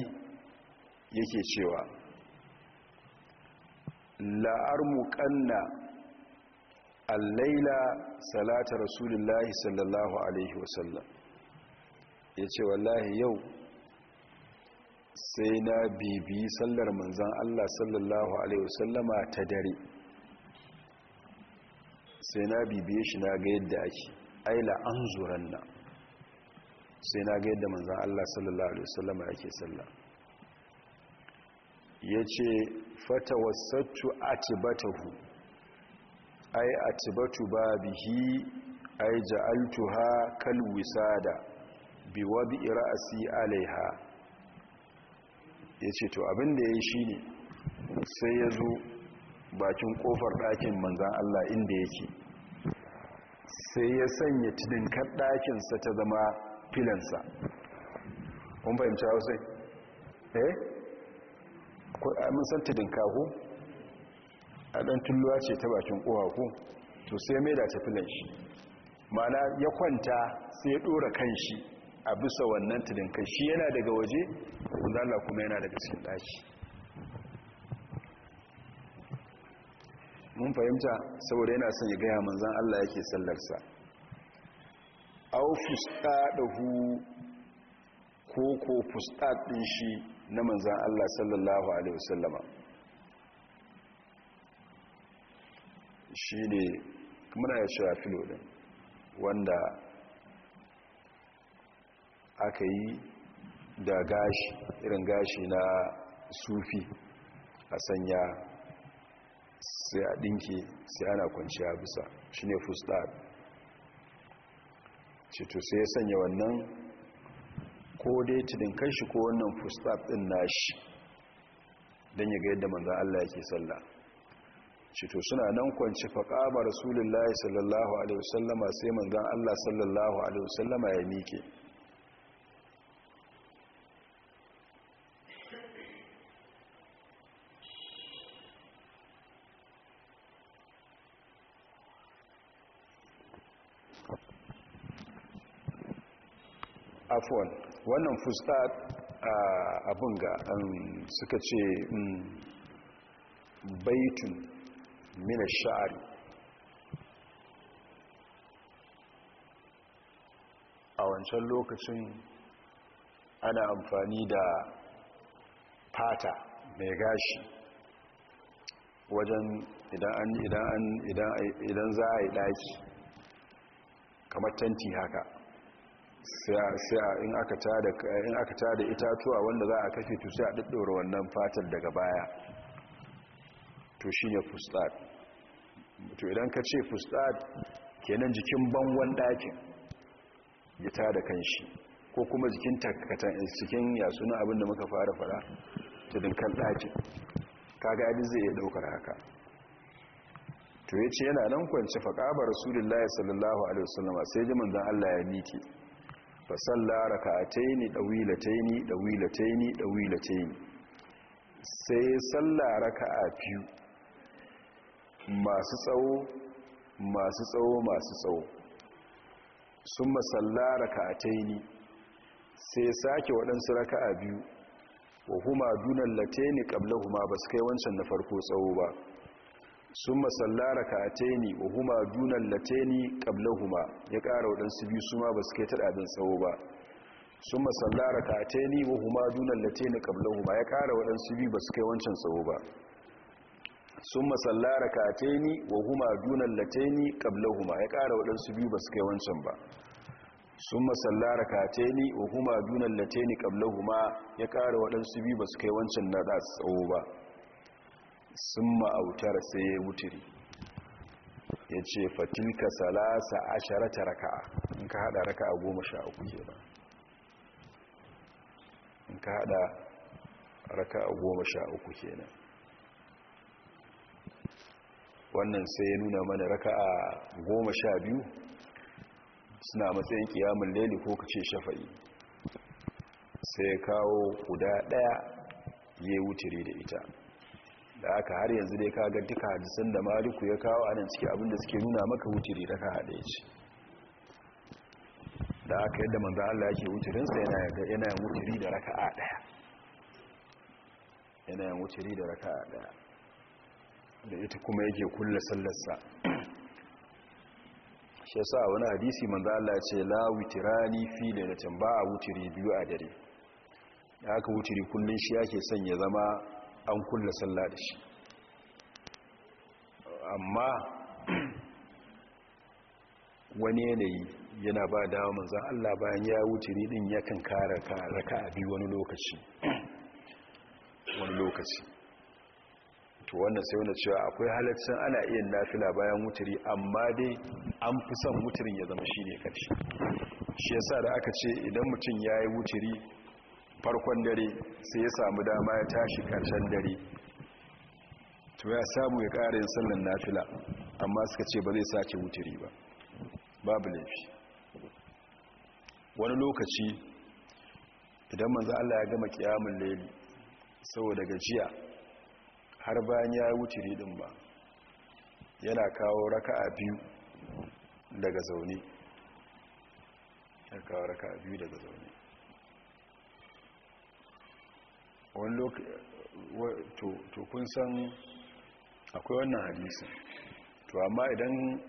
A: yake cewa la'ar muqanna al-laila salata rasulullahi sallallahu alaihi wasallam ya ce wallahi yau sai na bibi sallar manzan Allah sallallahu Alaihi wasallama ta dare sai na bibiye shi na ga yadda ake aila an zuran na sai na ga yadda manzan Allah sallallahu Alaihi wasallama yake sallah ya ce fata wasattu atibatahu ai atibatu babihi ai ja'altuha kalwisada biwadi ra'asi alaiha ya ce to abin da ya yi shi ne sai ya zo bakin kofar dakin manzan Allah inda yake sai ya sanya tidinkar ɗakinsa ta zama filansa kun fahimci wasai eh mun san tidinka ko a ɗan tulluwa ce ta bakin kowa ko to sai mai da ta filan shi ma'ana ya kwanta sai ya ɗora kan shi a bisa wannan tudinka shi yana daga waje zala kuma yana daga cikin ɗaki mun fahimta saboda yana son ya gaya manzan Allah yake sallarsa au hu ko ko ɗin shi na manzan Allah sallallahu Alaihi wasallama shi ne muna ya shafi lodin wanda aka yi da gashi irin gashi na sufi a sanya sai a ɗinki sai ana kwanciya bisa shi ne fustar cito sai ya sanya wannan ko dai tudinkan shi ko wannan fustar ɗin nashi don ya ga yadda manzan Allah yake sallah cito suna nan kwanci faƙa ba rasulullahi sallallahu alaihi wasallama sai manzan Allah sallallahu alaihi wasallama ya miƙe afon wannan fuska abin ga suka ce mm, baitun mina sha'ari a wancan lokacin ana amfani da fata mai gashi wajen idan za a yi daki kamar tanti haka sai in aka da itatuwa wanda za a kashe to sai a daddora wannan fatar daga baya to shi ne fustad to idan ka ce fustad kenan jikin bangon ɗakin ya kan kanshi ko kuma jikin takatan cikin abin abinda muka fara fara ta dinkan ɗakin ga abin zai iya ɗaukar haka to ya ce yana nan kwanci faƙabar rasulullah sallallahu alaihi wasallama sai jimin manzan allah ya miki fasalla ɗawila taini ɗawila taini. sai salla a biyu masu tsawo masu tsawo masu tsawo sun masalla taini. sai sake waɗansu raka a biyu wa huma dunan latini ƙablahuma ba su kai wancan na farko tsawo ba sun masallara ka taini huma dunan lateni huma ya ƙara waɗansu biyu su ma ba su kai taɗaɗin tsawo ba sun masallara ka taini huma dunan lateni huma ya ƙara waɗansu biyu ba su kai wancan tsawo ba sun masallara ka taini huma dunan lateni huma ya ƙara waɗansu biyu ba su kai wancan ba sun masallara ka taini huma dunan lateni huma ya ƙara waɗansu biyu ba su kai wancan na tsawo ba sun ma'autar sai ya wuturi ya ce fatilka salasa asharata in ka hada a goma sha uku ke ba in ka hada a goma sha uku ke nan wannan sai ya nuna mana a goma sha biyu suna matsayin kiyamun leli ko kace shafa'i sai kawo guda daya ya yi wuturi da ita da aka har yanzu dai ka ga duka hadisan da maliku ya kawo anan ciki abinda suke nuna maka wuturi da ka haɗe shi da aka yadda manzo Allah yake wutirinsa yana yana yana wuturi da raka'a daya yana yana wuturi da raka'a daya da ita kuma yake kulla sallarsa shi yasa wani hadisi manzo Allah ya ce la witirani fi lailatin ba a wuturi biyu a dare da aka wuturi kullun shi yake son ya zama an kulle sallah da shi amma wani yanayi yana ba dawa manzan Allah bayan ya wuce din yakan kara raka a biyu wani lokaci wani lokaci to wannan sai wani cewa akwai halaccin ana iya nafila bayan wuturi amma dai an fi son wuturin ya zama shi ne karshe shi yasa da aka ce idan mutum ya yi wuturi farkon dare sai ya samu dama ya tashi karshen dare to ya samu ya ƙara yin sallan nafila amma suka ce ba zai sake wuturi ba babu laifi wani lokaci idan manzo Allah ya gama kiyamun laili saboda gajiya har bayan ya wuturi din ba yana kawo raka'a biyu daga zaune ya kawo raka'a biyu daga zaune wani lokaci to kun san akwai wannan hadisi to amma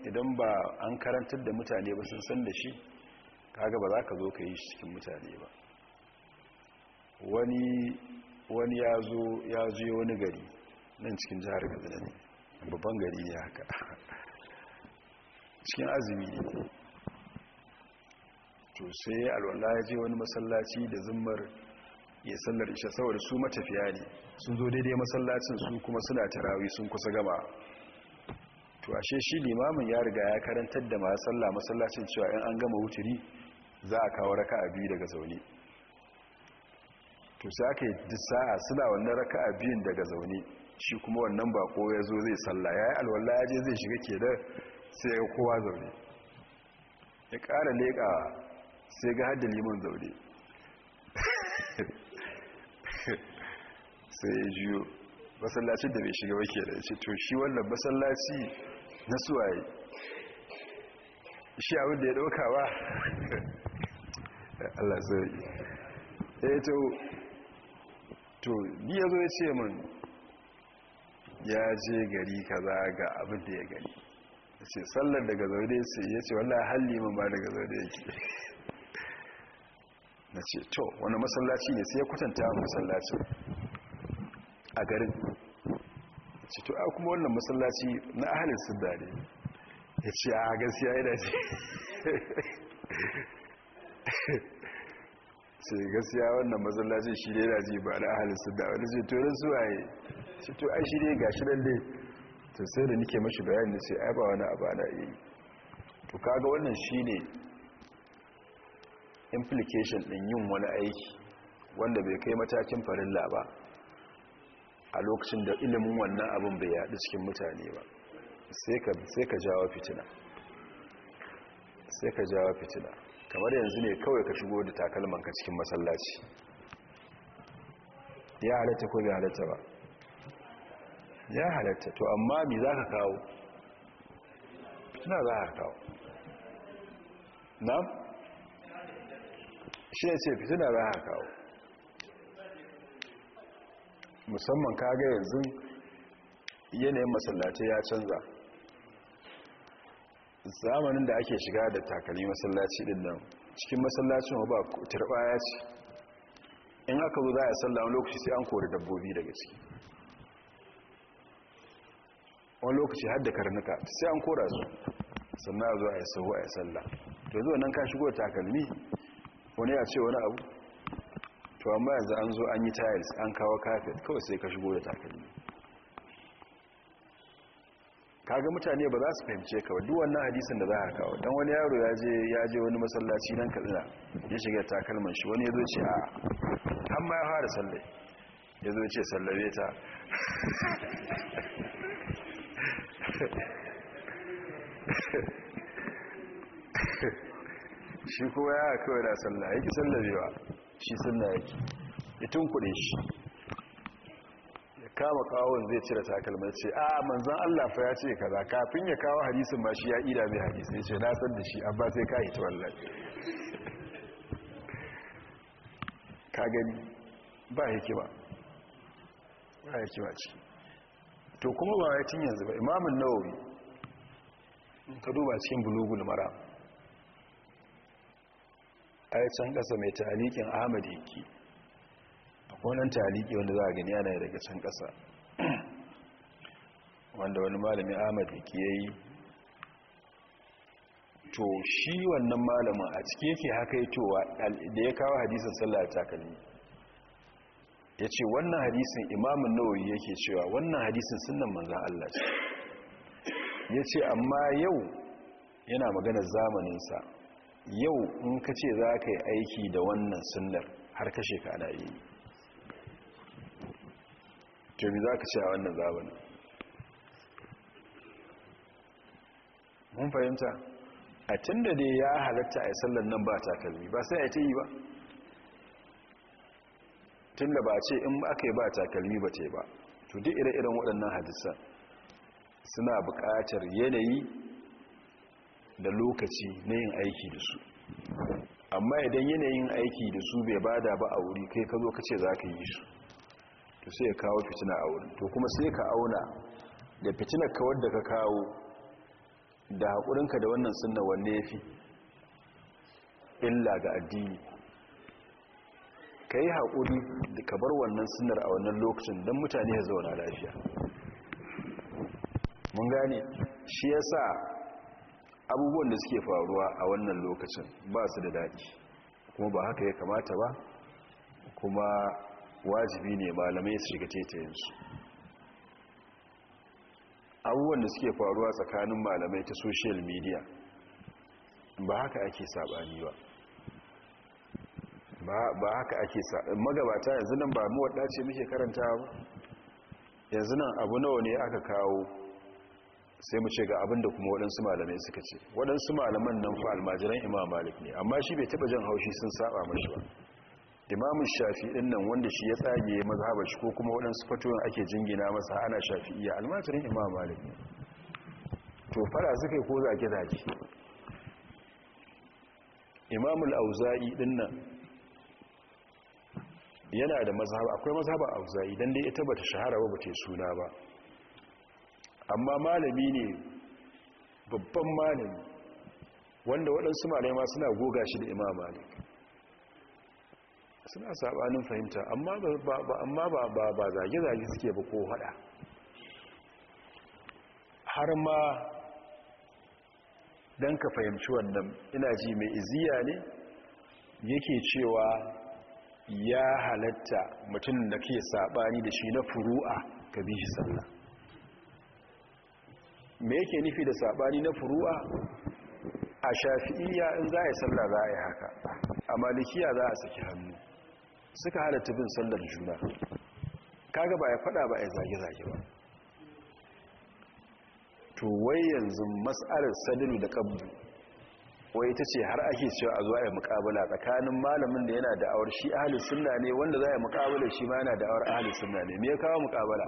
A: idan ba an karantar da mutane ba sun san da shi kaga ba za ka zo ka yi shi cikin mutane ba wani ya zo ya zo wani gari nan cikin jihar kaduna ne babban gari ne haka cikin azumi ne to sai alwala ya je wani masallaci da zimmar ya sallar isha saboda su matafiya ne sun zo daidai masallacin su kuma suna tarawi sun kusa gama to ashe shi limamin ya riga ya karantar da masu sallah masallacin cewa in an gama wuturi za a kawo raka biyu daga zaune to sai aka yi sa'a suna wannan raka a biyun daga zaune shi kuma wannan bako ya zo zai sallah ya yi alwallah ya je zai shiga ke da sai ya kowa zaune ya ƙara leƙa sai ga haddin liman zaune sai ya jiyo masallacin da bai shiga ba ke da ya ce to shi wannan masallaci na suwaye shi abin da ya ɗauka ba Allah sai ya to to ni ya zo ya ce min ya je gari za ga abin da ya gani ya ce sallar daga zaune sai ya ce wallah halli ma ba daga zaune yake na ce to wani masallaci ne sai ya kwatanta masallaci a garin ce to a kuma wannan masallaci na ahalin sunda ne ya ce a gaskiya yana ce ce gaskiya wannan masallaci shi ne yana ba na ahalin sunda wani ce to yin waye ce to ai shi ne ga shi lalle to sai da nike mashi da sai ai ba wani abu iya yi to kaga wannan shi ne implication ɗin yin wani aiki wanda bai kai matakin farilla ba a lokacin da ilimin wannan abin bai yaɗi cikin mutane ba sai ka jawo fitina sai ka jawo fitina kamar yanzu ne kawai ka shigo da takalmanka cikin masallaci ya halatta ko bai halatta ba ya halatta to amma mi za ka kawo fitina za ka kawo na? shi ya ce fitina za a kawo musamman kaga yanzu yanayin masallaci ya canza zamanin da ake shiga da takalmi masallaci din nan cikin masallacin ba ya ce in aka zo za a salla wani lokaci sai an kori dabbobi daga ciki wani lokaci har da karnuka sai an kora su sannan a zo a yi sahu a yi salla to zuwa nan ka shigo takalmi wani ya ce wani abu to amma yanzu an zo an yi tiles an kawo kafet kawai sai ka shigo da takalmi kaga mutane ba za su fahimce ka ba duk wannan hadisin da za a kawo dan wani yaro ya je ya je wani masallaci nan katsina ya shiga takalman shi wani ya zo ce a har ma ya fara sallai ya zo ce sallabe ta Yeah. shi kuma ya kawai na sallah yake sallamewa shi sallah ki ya kuɗe shi ya kama kawon zai cire takalma ce a manzan Allah fa ya ce kaza kafin ya kawo hadisin ba shi ya ida mai hadisi ya ce na san da shi ba sai ka yi ta wallahi ka gani ba hikima ba hikima ciki to kuma ba ya tun yanzu ba imamun nawawi ka duba cikin bulugul mara can kasa mai talikin ahmad yake akwai nan taliki wanda za a gani yana daga can ƙasa wanda wani malamin ahmad yake ya yi to shi wannan malamin a cike yake haka yi towa da ya kawo hadisin sallah takalmi ya ce wannan hadisin imamun nawayi yake cewa wannan hadisin sunan manzan Allah ce ya ce amma yau yana maganar zamaninsa yau in ka ce za ka yi aiki da wannan sunnar har kashe ka ana yi tobi za ka ce a wannan zamanin mun fahimta a tun da dai ya halatta a yi sallar nan ba takalmi ba sai a ta yi ba tun da ba ce in aka yi ba takalmi ba ce ba to duk ire-iren waɗannan hadisan suna buƙatar yanayi da lokaci na yin aiki da su amma idan yanayin aiki da su bai bada ba a wuri kai ka zo ka ce za ka yi su to sai ya kawo fitina a wuri to kuma sai ka auna da fitinar kawar da ka kawo da haƙurinka da wannan sunna wanne ya fi illa ga addini ka yi haƙuri da ka bar wannan sunar a wannan lokacin don mutane ya zauna lafiya mun gane shi ya sa abubuwan da suke faruwa a wannan lokacin ba su da daɗi kuma ba haka ya kamata ba kuma wajibi ne malamai su shiga tetayensu abubuwan da suke faruwa tsakanin malamai ta social media ba haka ake sabani ba ba haka ake magabata yanzu nan ba muwaɗa ce muke karanta ba yanzu nan abu nawa ne aka kawo sai mu ce ga abinda kuma waɗansu malamai suka ce waɗansu malaman nan fa almajiran imam malik ne amma shi bai taɓa jan haushi sun saba mashi ba imamun shafi ɗin nan wanda shi ya tsage mazhabar shi ko kuma waɗansu fatuwan ake jingina masa ana shafi'iyya almajiran imam malik ne to fara suka yi ko gida zage imamul auza'i ɗin nan yana da mazhabar akwai mazhabar auza'i dan dai ita bata shahara ba bata suna ba amma malami ne babban malami wanda waɗansu malama suna goga shi da imam malik suna saɓanin fahimta amma ba zage-zage suke ba ko haɗa har ma don ka fahimci wannan ina ji mai iziya ne yake cewa ya halatta mutum da ke saɓani da shi na furu'a ka bi shi sallah me yake nufi da sabani na furu'a a shafi'iyya in za a yi sallah za a yi haka a malikiya za a saki hannu suka hana bin sallar juna kaga ba ya fada ba ya zage-zage ba to wai yanzu mas'alar sadin da kabbu wai ita ce har ake cewa a zuwa ya mukabala tsakanin malamin da yana da'awar shi ahalin sunna ne wanda za a yi mukabala shi ma yana da'awar ahalin sunna ne me ya kawo mukabala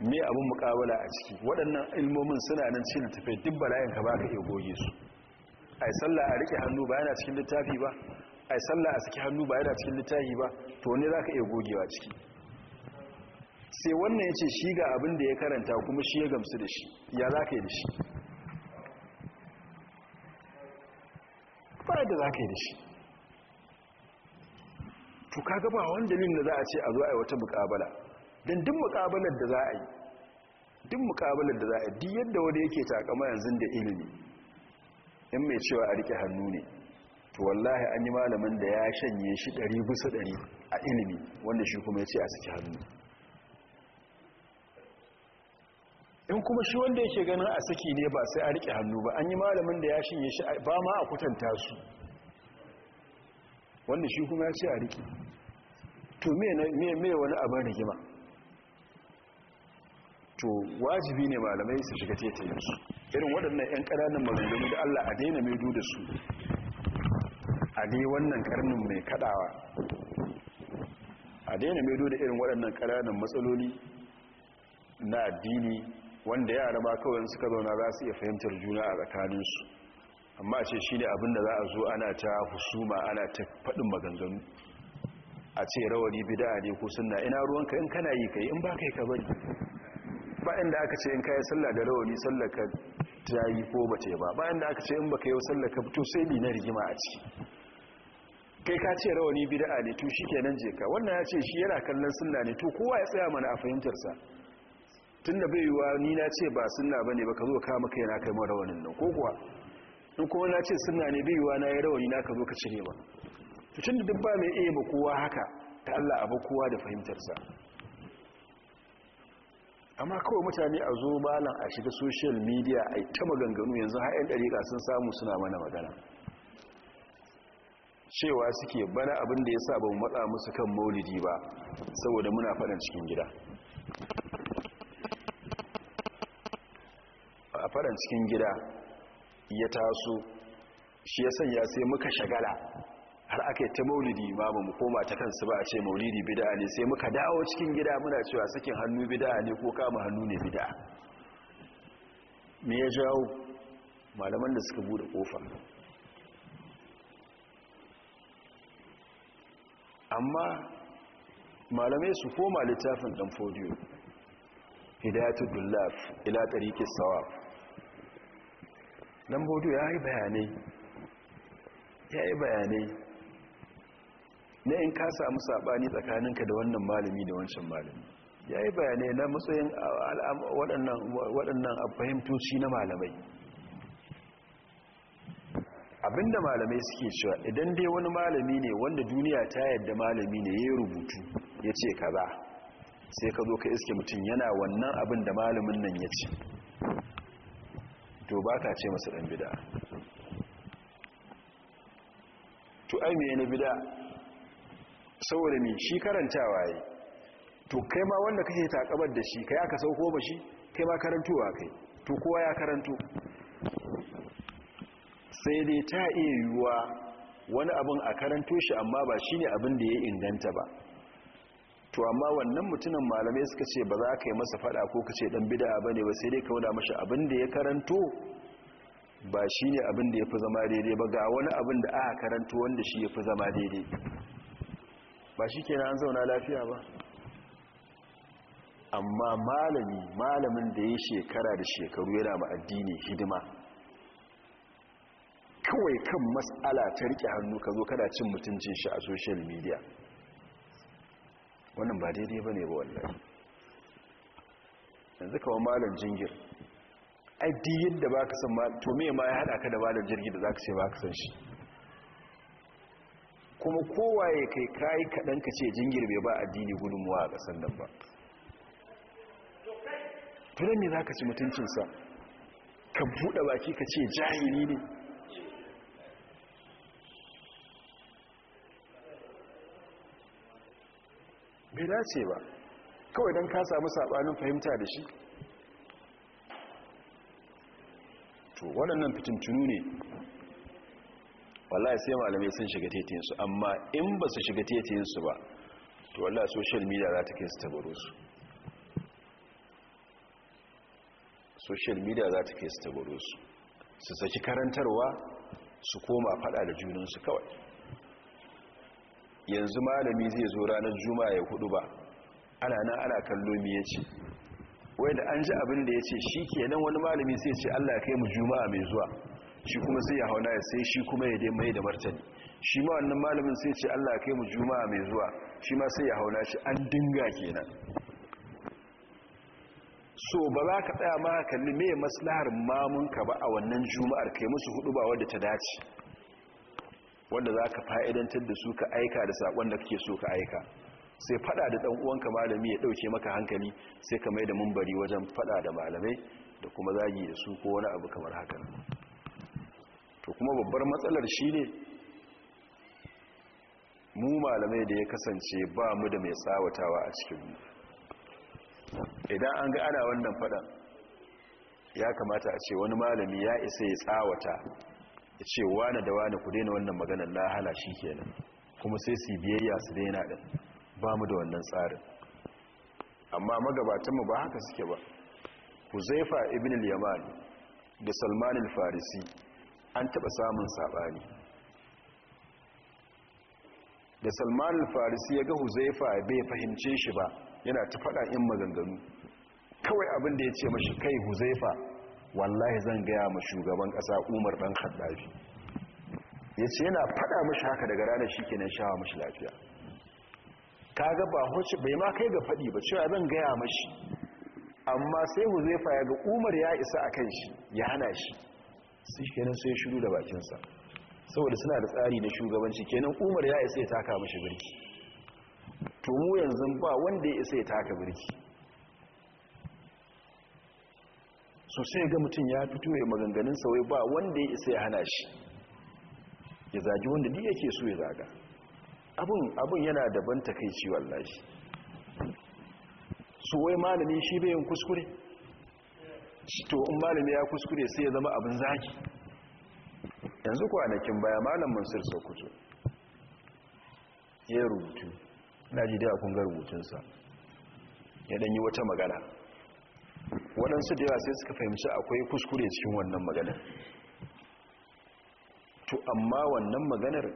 A: me abin mukawala a ciki waɗannan ilmomin suna nan cikin tafai duk bala'in ka ba ka iya goge su a yi sallah a riƙe hannu ba yana cikin littafi ba a yi sallah a saki hannu ba yana cikin littafi ba to ne za ka iya gogewa ciki sai wannan ya ce shi ga abin da ya karanta kuma shi ya gamsu da shi ya za ka yi da shi ba da za ka yi da shi to kaga ba wanda ne da za a ce a zo a yi wata mukabala don duk mukabalar da za a yi duk mukabalar da za a yi duk yadda wani yake takama yanzu da ilimi in mai cewa a rike hannu ne to wallahi an yi malamin da ya shanye shi ɗari gusa ɗari a ilimi wanda shi kuma ya ce a saki hannu in kuma shi wanda yake ganin a saki ne ba sai a rike hannu ba an yi malamin da ya shanye shi ba ma a kutanta su wanda shi kuma ya ce a rike to me wani abin rigima to wajibi ne malamai su shiga yanzu. irin waɗannan 'yan ƙananan maganganu da allah a daina mai duda su a dai wannan karnin mai kaɗawa a daina mai da irin waɗannan ƙananan matsaloli na addini wanda yara ba kawai suka zauna za su iya fahimtar juna a tsakaninsu amma ce shi ne abinda za a zo ana ta husuma ana ta faɗin maganganu a ce rawani bida ne ko suna ina ruwanka in kana yi ka yi in ba kai ka bari bayan da aka ce in kayi sallah da rawani sallah ka ta yi ko ba ce ba ba'yan da aka ce in baka yi sallah ka fito sai ni na rigima a ciki kai ka ce rawani bid'a ne to shikenan je ka wannan ya ce shi yana kallon sunna ne to kowa ya tsaya mana a fahimtar sa tunda bai yiwa ni na ce ba sunna bane ba ka zo ka maka yana kai mara wannan nan ko kuwa in kuma na ce sunna ne bai yiwa na yi rawani na ka zo ka cire ba to tunda duk ba mai iya ba kowa haka ta Allah abu kowa da fahimtar amma kawai mutane a zo malam a shiga social media a ta maganganu yanzu ha'yan ɗariƙa sun samu suna mana magana cewa suke bana abin da ya sa ban matsa musu kan maulidi ba saboda muna faɗin cikin gida a faɗin cikin gida ya taso shi ya sanya sai muka shagala har aka yi ta maulidi ma ba mu koma ta kansu ba a ce maulidi bida'a ne sai muka dawo cikin gida muna cewa sakin hannu bida'a ne ko kama hannu ne bida'a me ya jawo malaman da suka bude kofa amma malamai su koma littafin dan fodiyo hidayatul dullaf ila tariqis sawab dan fodiyo ya yi bayanai ya yi bayanai na in ka samu saɓani tsakaninka da wannan malami da wancan malami ya yi bayanai na matsayin waɗannan fahimtoci na malamai abinda malamai suke cewa idan dai wani malami ne wanda duniya ta yadda malami ne ya rubutu ya ce kaza sai ka zo ka iske mutum yana wannan abin da malamin nan ya ce to ba ka ce masa ɗan bida to ai mai na bida saboda mai shi karantawa yi to kai ma wanda kake takabar da shi kai aka sauko ba shi kai ma karantowa kai to kowa ya karanto sai dai ta iya yiwuwa wani abin a karanto shi amma ba shi ne abin da ya inganta ba to amma wannan mutumin malamai suka ce ba za ka yi masa fada ko ka ce dan bida ba ne ba sai dai ka wada mashi abin da ya karanto ba shi ne abin da ya fi zama daidai ba ga wani abin da aka karanto wanda shi ya fi zama daidai ba shi kenan an zauna lafiya ba amma malami malamin da ya shekara da shekaru yana ma addini hidima kawai kan matsala ta rike hannu ka zo kada cin mutuncin shi a social media wannan ba daidai ba ne ba wallahi yanzu kawo malam jingir ai di da ba ka san ma to me ma ya haɗa ka da malam jirgin da za ka ce ba ka san shi kuma kowaye kai kayi kaɗan ka ce jingir bai ba addini gudunmuwa a ƙasar nan ba tunan ne za ka ci mutuncinsa ka buɗe baki ka ce jahili ne bai dace ba kawai don ka samu saɓanin fahimta da shi to waɗannan fitintunu ne wallahi sai malamai sun shiga su amma in ba su shiga su ba to wallahi social media za ta kai su tabaro su social media za ta kai su tabaro su su saki karantarwa su koma fada da junansu kawai yanzu malami zai zo ranar juma'a ya hudu ba ana nan ana kallo mi yace wai da an ji abin da ya ce shi kenan wani malami sai ce allah kai mu juma'a mai zuwa shi kuma sai ya hauna ya sai shi kuma ya dai mai da martani shi ma wannan malamin sai ce Allah kai mu juma'a mai zuwa shi ma sai ya hauna shi an dinga kenan so ba za ka tsaya ma kalli me maslahar mamunka ba a wannan juma'ar kai musu hudu ba wadda ta dace wanda za ka fa'idantar da su ka aika da saƙon da kake so ka aika sai fada da ɗan uwanka malami ya ɗauke maka hankali sai ka mai da mumbari wajen fada da malamai da kuma zagi da su ko wani abu kamar haka to kuma babbar matsalar shi ne mu malamai da ya kasance ba mu da mai tsawatawa a cikin mu. idan an ga ana wannan faɗan ya kamata a ce wani malami ya isa ya tsawata ya ce wane da wane ku daina wannan maganar lahala shi kenan kuma sai su biyayya su daina ɗin ba mu da wannan tsarin amma magabatanmu ba haka suke ba huzaifa ibn al yamani da salman farisi an taɓa samun saɓani da salman farisi ya ga huzaifa bai fahimce shi ba yana ta faɗa in maganganu kawai abin da ya ce mashi kai huzaifa wallahi zan gaya ma shugaban ƙasa umar ɗan haddafi ya ce yana faɗa mashi haka daga ranar shi nan shawa mashi lafiya ga ba hoci bai ma kai ga faɗi ba cewa zan gaya mashi amma sai huzaifa ya ga umar ya isa a kan shi ya hana shi su kenan sai shiru da bakinsa saboda suna da tsari na shugabanci kenan umar ya isa ya taka mashi birki to mu yanzu ba wanda ya isa ya taka birki Su sai ga mutum ya fito ya maganganun sauye ba wanda ya isa ya hana shi ya zagi wanda duk yake so ya zaga abin yana daban takaici wallahi su wai malami shi bai kuskure to in malami ya kuskure sai ya zama abin zaki yanzu kwanakin baya malam mansur sokoto ya rubutu na ji da kun rubutunsa ya dan wata magana waɗansu da yawa sai suka fahimci akwai kuskure cikin wannan maganar to amma wannan maganar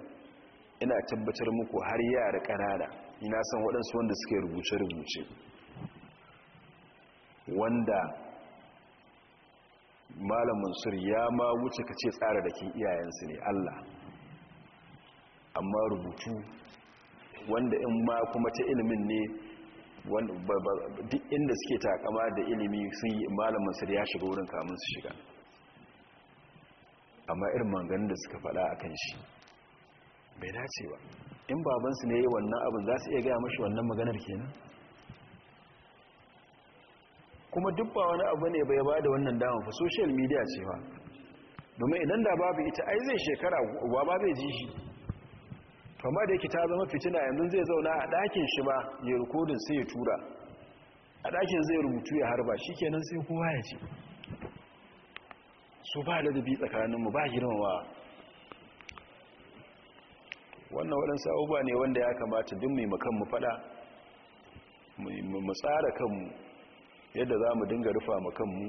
A: ina tabbatar muku har yara ƙanana ina san waɗansu wanda suke rubuce-rubuce wanda malam mansur ya ma wuce ka ce tsara da kin iyayensu ne allah amma rubutu wanda in ma kuma ta ilimin ne inda suke takama da ilimi sun yi malam mansur ya shiga wurin kamun su shiga amma irin manganin da suka faɗa a kan shi bai dace ba in babansu ne yi wannan abin za su iya gaya mashi wannan maganar kenan kuma duk ba wani abu ne bai ba da wannan damar fa social media ce ba domin idan da babu ita ai zai shekara uwa ba zai ji shi kama da yake ta zama fitina yanzu zai zauna a ɗakin shi ba ya rikodin sai ya tura a ɗakin zai rubutu ya harba shi kenan sai kowa ya ce su ba ladabi tsakaninmu ba girmama wannan waɗansu abubuwa ne wanda ya kamata duk mai makan mu faɗa mu tsara kanmu yadda za mu dinga rufa ma kanmu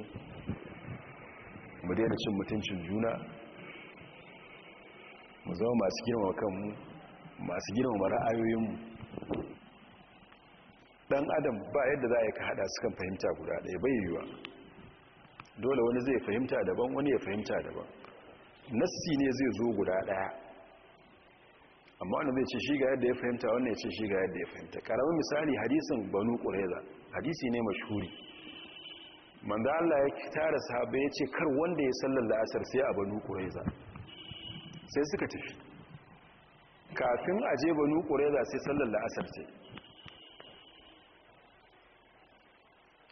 A: mu daina cin mutuncin juna mu zama masu girma kanmu masu girma ra'ayoyinmu dan adam ba yadda za a yi ka hada su kan fahimta guda ɗaya bai yiwuwa dole wani zai fahimta daban wani ya fahimta daban nassi ne zai zo guda ɗaya amma wani zai ce shi ga yadda ya fahimta wani ya ce shi ga yadda ya fahimta ƙaramin misali hadisin banu ƙureza hadisi ne mashuri. manzo Allah ya tara sahabbai ya ce kar wanda ya sallar la'asar sai a banu qurayza sai suka tafi kafin a je banu qurayza sai sallar la'asar ce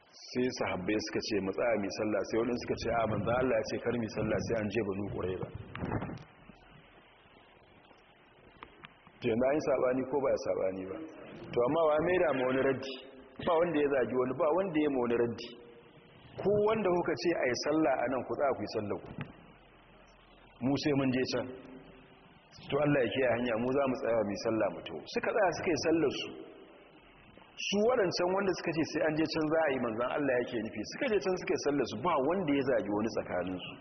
A: sai sahabbai suka ce matsaya mai sallah sai wadanda suka ce a manzo Allah ya ce kar mai sallah sai an je banu qurayza yanzu na yi sabani ko ba ya sabani ba to amma wa mai da ma wani raddi ba wanda ya zagi wani ba wanda ya ma wani raddi ku wanda kuka ce a yi sallah a nan ku za ku yi sallah ku mu sai mun je can to Allah ya kiyaye hanya mu za mu tsaya mu yi sallah mu to suka tsaya suka yi sallar su su waɗancan wanda suka ce sai an je can za a yi manzan Allah yake nufi suka je can suka yi sallar su ba wanda ya zagi wani tsakaninsu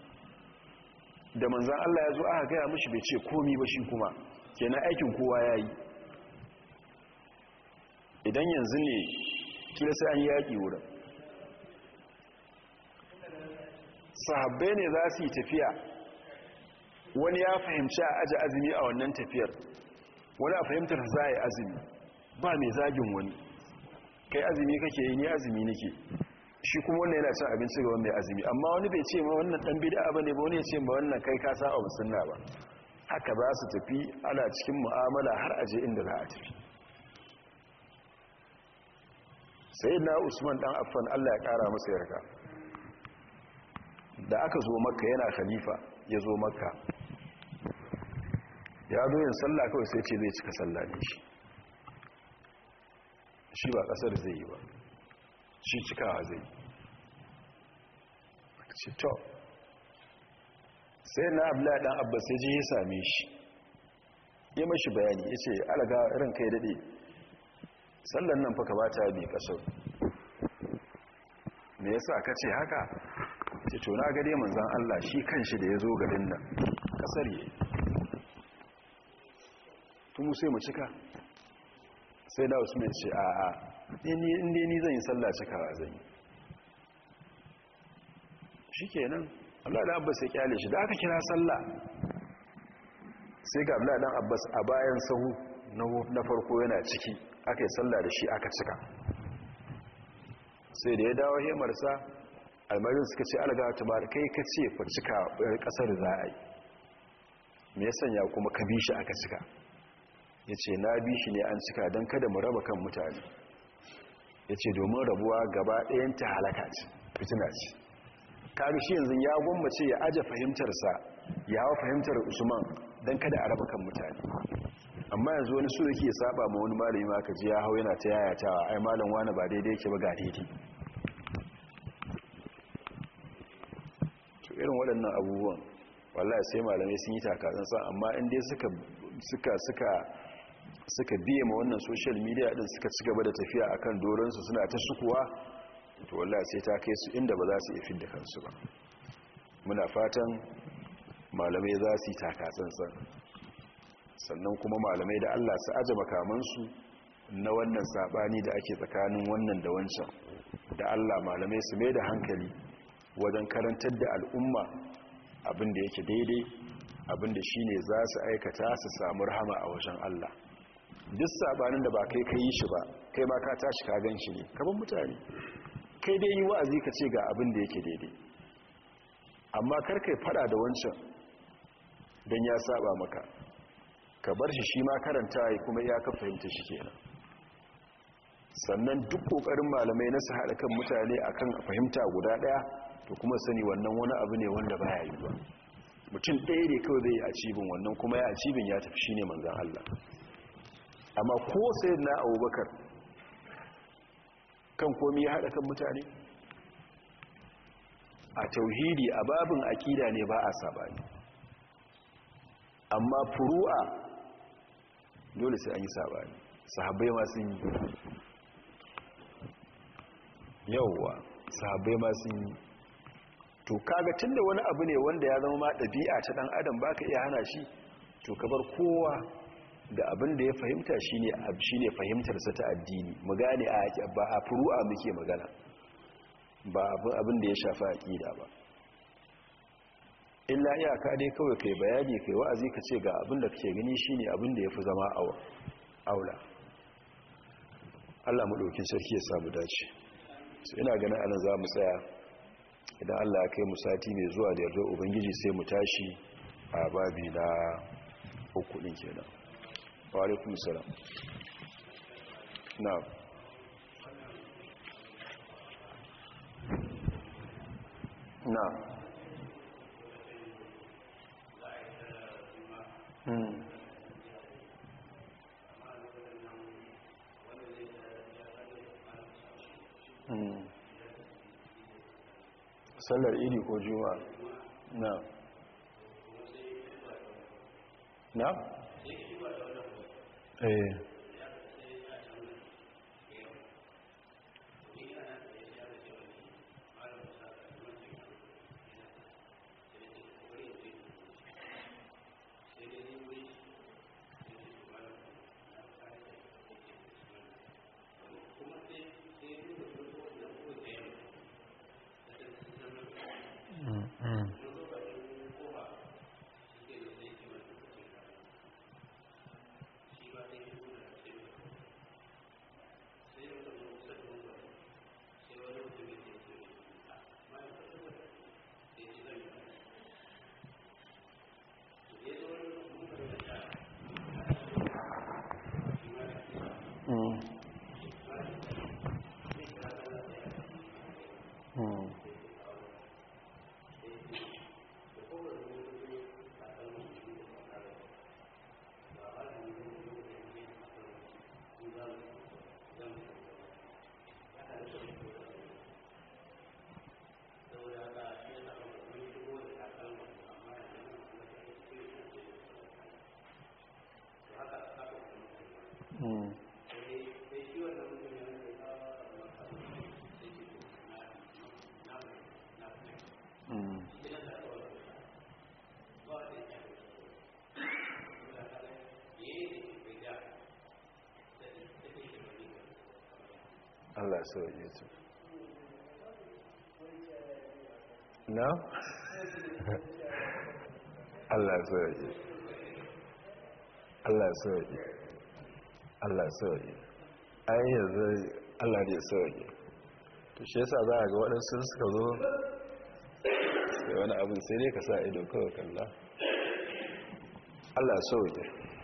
A: da manzan Allah ya zo aka gaya mashi bai ce komi ba shi kuma kenan aikin kowa ya yi idan yanzu ne kila sai an yi yaƙi wurin sahabbai ne za su yi tafiya wani ya fahimci a aji azumi a wannan tafiyar wani a fahimtar za a yi azumi ba mai zagin wani kai azumi kake yi ni azumi nake shi kuma wannan yana cin abinci ga wanda ya azumi amma wani bai ce ma wannan dan bid'a bane ba wani ya ce ma wannan kai kasa a abu sunna ba haka za su tafi ana cikin mu'amala har aje inda za a tafi sai na usman dan affan Allah ya kara masa yarka da aka zo makka yana khalifa ya zo makka ya zo sallah kawai sai ce zai cika sallah ne shi shi ba kasar zai yi ba shi cikawa zai ce sai na abla dan abbas sai je ya same shi ya mashi bayani ya ce alaga irin kai daɗe sallan nan fa ka ba ta bi kasar me yasa ka ce haka ce to na gade manzan Allah shi kanshi da ya zo garin nan kasar yi Tun sai mu cika sai da wasu mai ce a a inda ni zan yi sallah cikawa zan yi shi kenan Allah da abbas ya kyale shi da aka kira sallah sai ga Allah dan abbas a bayan sahu na farko yana ciki aka yi sallah da shi aka cika sai da ya dawo hemarsa almarin suka ce alaga ta ba kai ka ce fa cika eh, ƙasar za a yi me ya sanya kuma ka bi shi aka cika ya ce na bi shi ne an cika don kada mu raba kan mutane ya ce domin rabuwa gaba ta halaka ce fitina ce kari shi yanzu ya gwammace ya aja fahimtarsa ya hawa fahimtar usman don kada a raba kan mutane amma yanzu wani su da ke saba ma wani malami ma ji ya hau yana ta yayatawa ai malam wani ba daidai yake ba ga daidai irin waɗannan abubuwan wallahi sai malamai sun yi sa amma inda suka suka suka suka biye ma wannan social media din suka ci gaba da tafiya akan doronsu suna ta sukuwa to wallahi sai ta kai su inda ba za su ifin da kansu ba muna fatan malamai za su yi takatsantsan sannan kuma malamai da Allah su aje makamansu na wannan sabani da ake tsakanin wannan da wancan da Allah malamai su mai da hankali wajen karantar da al'umma abinda yake daidai abinda shi ne za su aikata su samu rahama a wajen Allah duk sabanin da ba kai ka yi shi ba kai ba ka tashi ka gan shi ne kaban mutane kai dai yi wa'azi ka ce ga abinda yake daidai amma kar kai fada da wancan don ya saba maka ka bar shi shi ma karanta yi kuma ya ka fahimta shi kenan sannan duk ƙoƙarin malamai na su haɗa kan mutane akan fahimta guda ɗaya to kuma sani wannan wani abu ne wanda ba ya yi ba mutum ɗaya ne kawai zai yi acibin wannan kuma ya acibin ya tafi shine manzan Allah amma ko sai na abubakar kan komi ya haɗa kan mutane a tauhidi a babin akida ne ba a sabani amma furu'a dole sai an yi sabani sahabbai ma yi yauwa sahabbai ma yi to kaga tunda wani abu ne wanda ya zama ma ɗabi'a ta ɗan adam baka iya hana shi to kabar kowa da abin da ya fahimta shine shine fahimtarsa ta addini mu gane a ba a furu'a muke magana ba abin da ya shafi aqida ba illa iyaka dai kawai kai bayani kai wa'azi ka ce ga abin da kake gani shine abin da yafi zama aula Allah mu sarki ya samu dace so ina ganin anan za mu tsaya idan Allah ya kai mu mai zuwa da yarda ubangiji sai mu tashi a babi na uku din kenan wa alaikum salam Na. Na. sallar iri ko juma na na Allah ya sauke su na Allah ya sauke Allah ya sauke Allah ya sauke ai yanzu Allah ne ya sauke to shi yasa za a ga waɗansu suka zo sai wani abin sai ne ka sa ido kawai kalla Allah ya sauke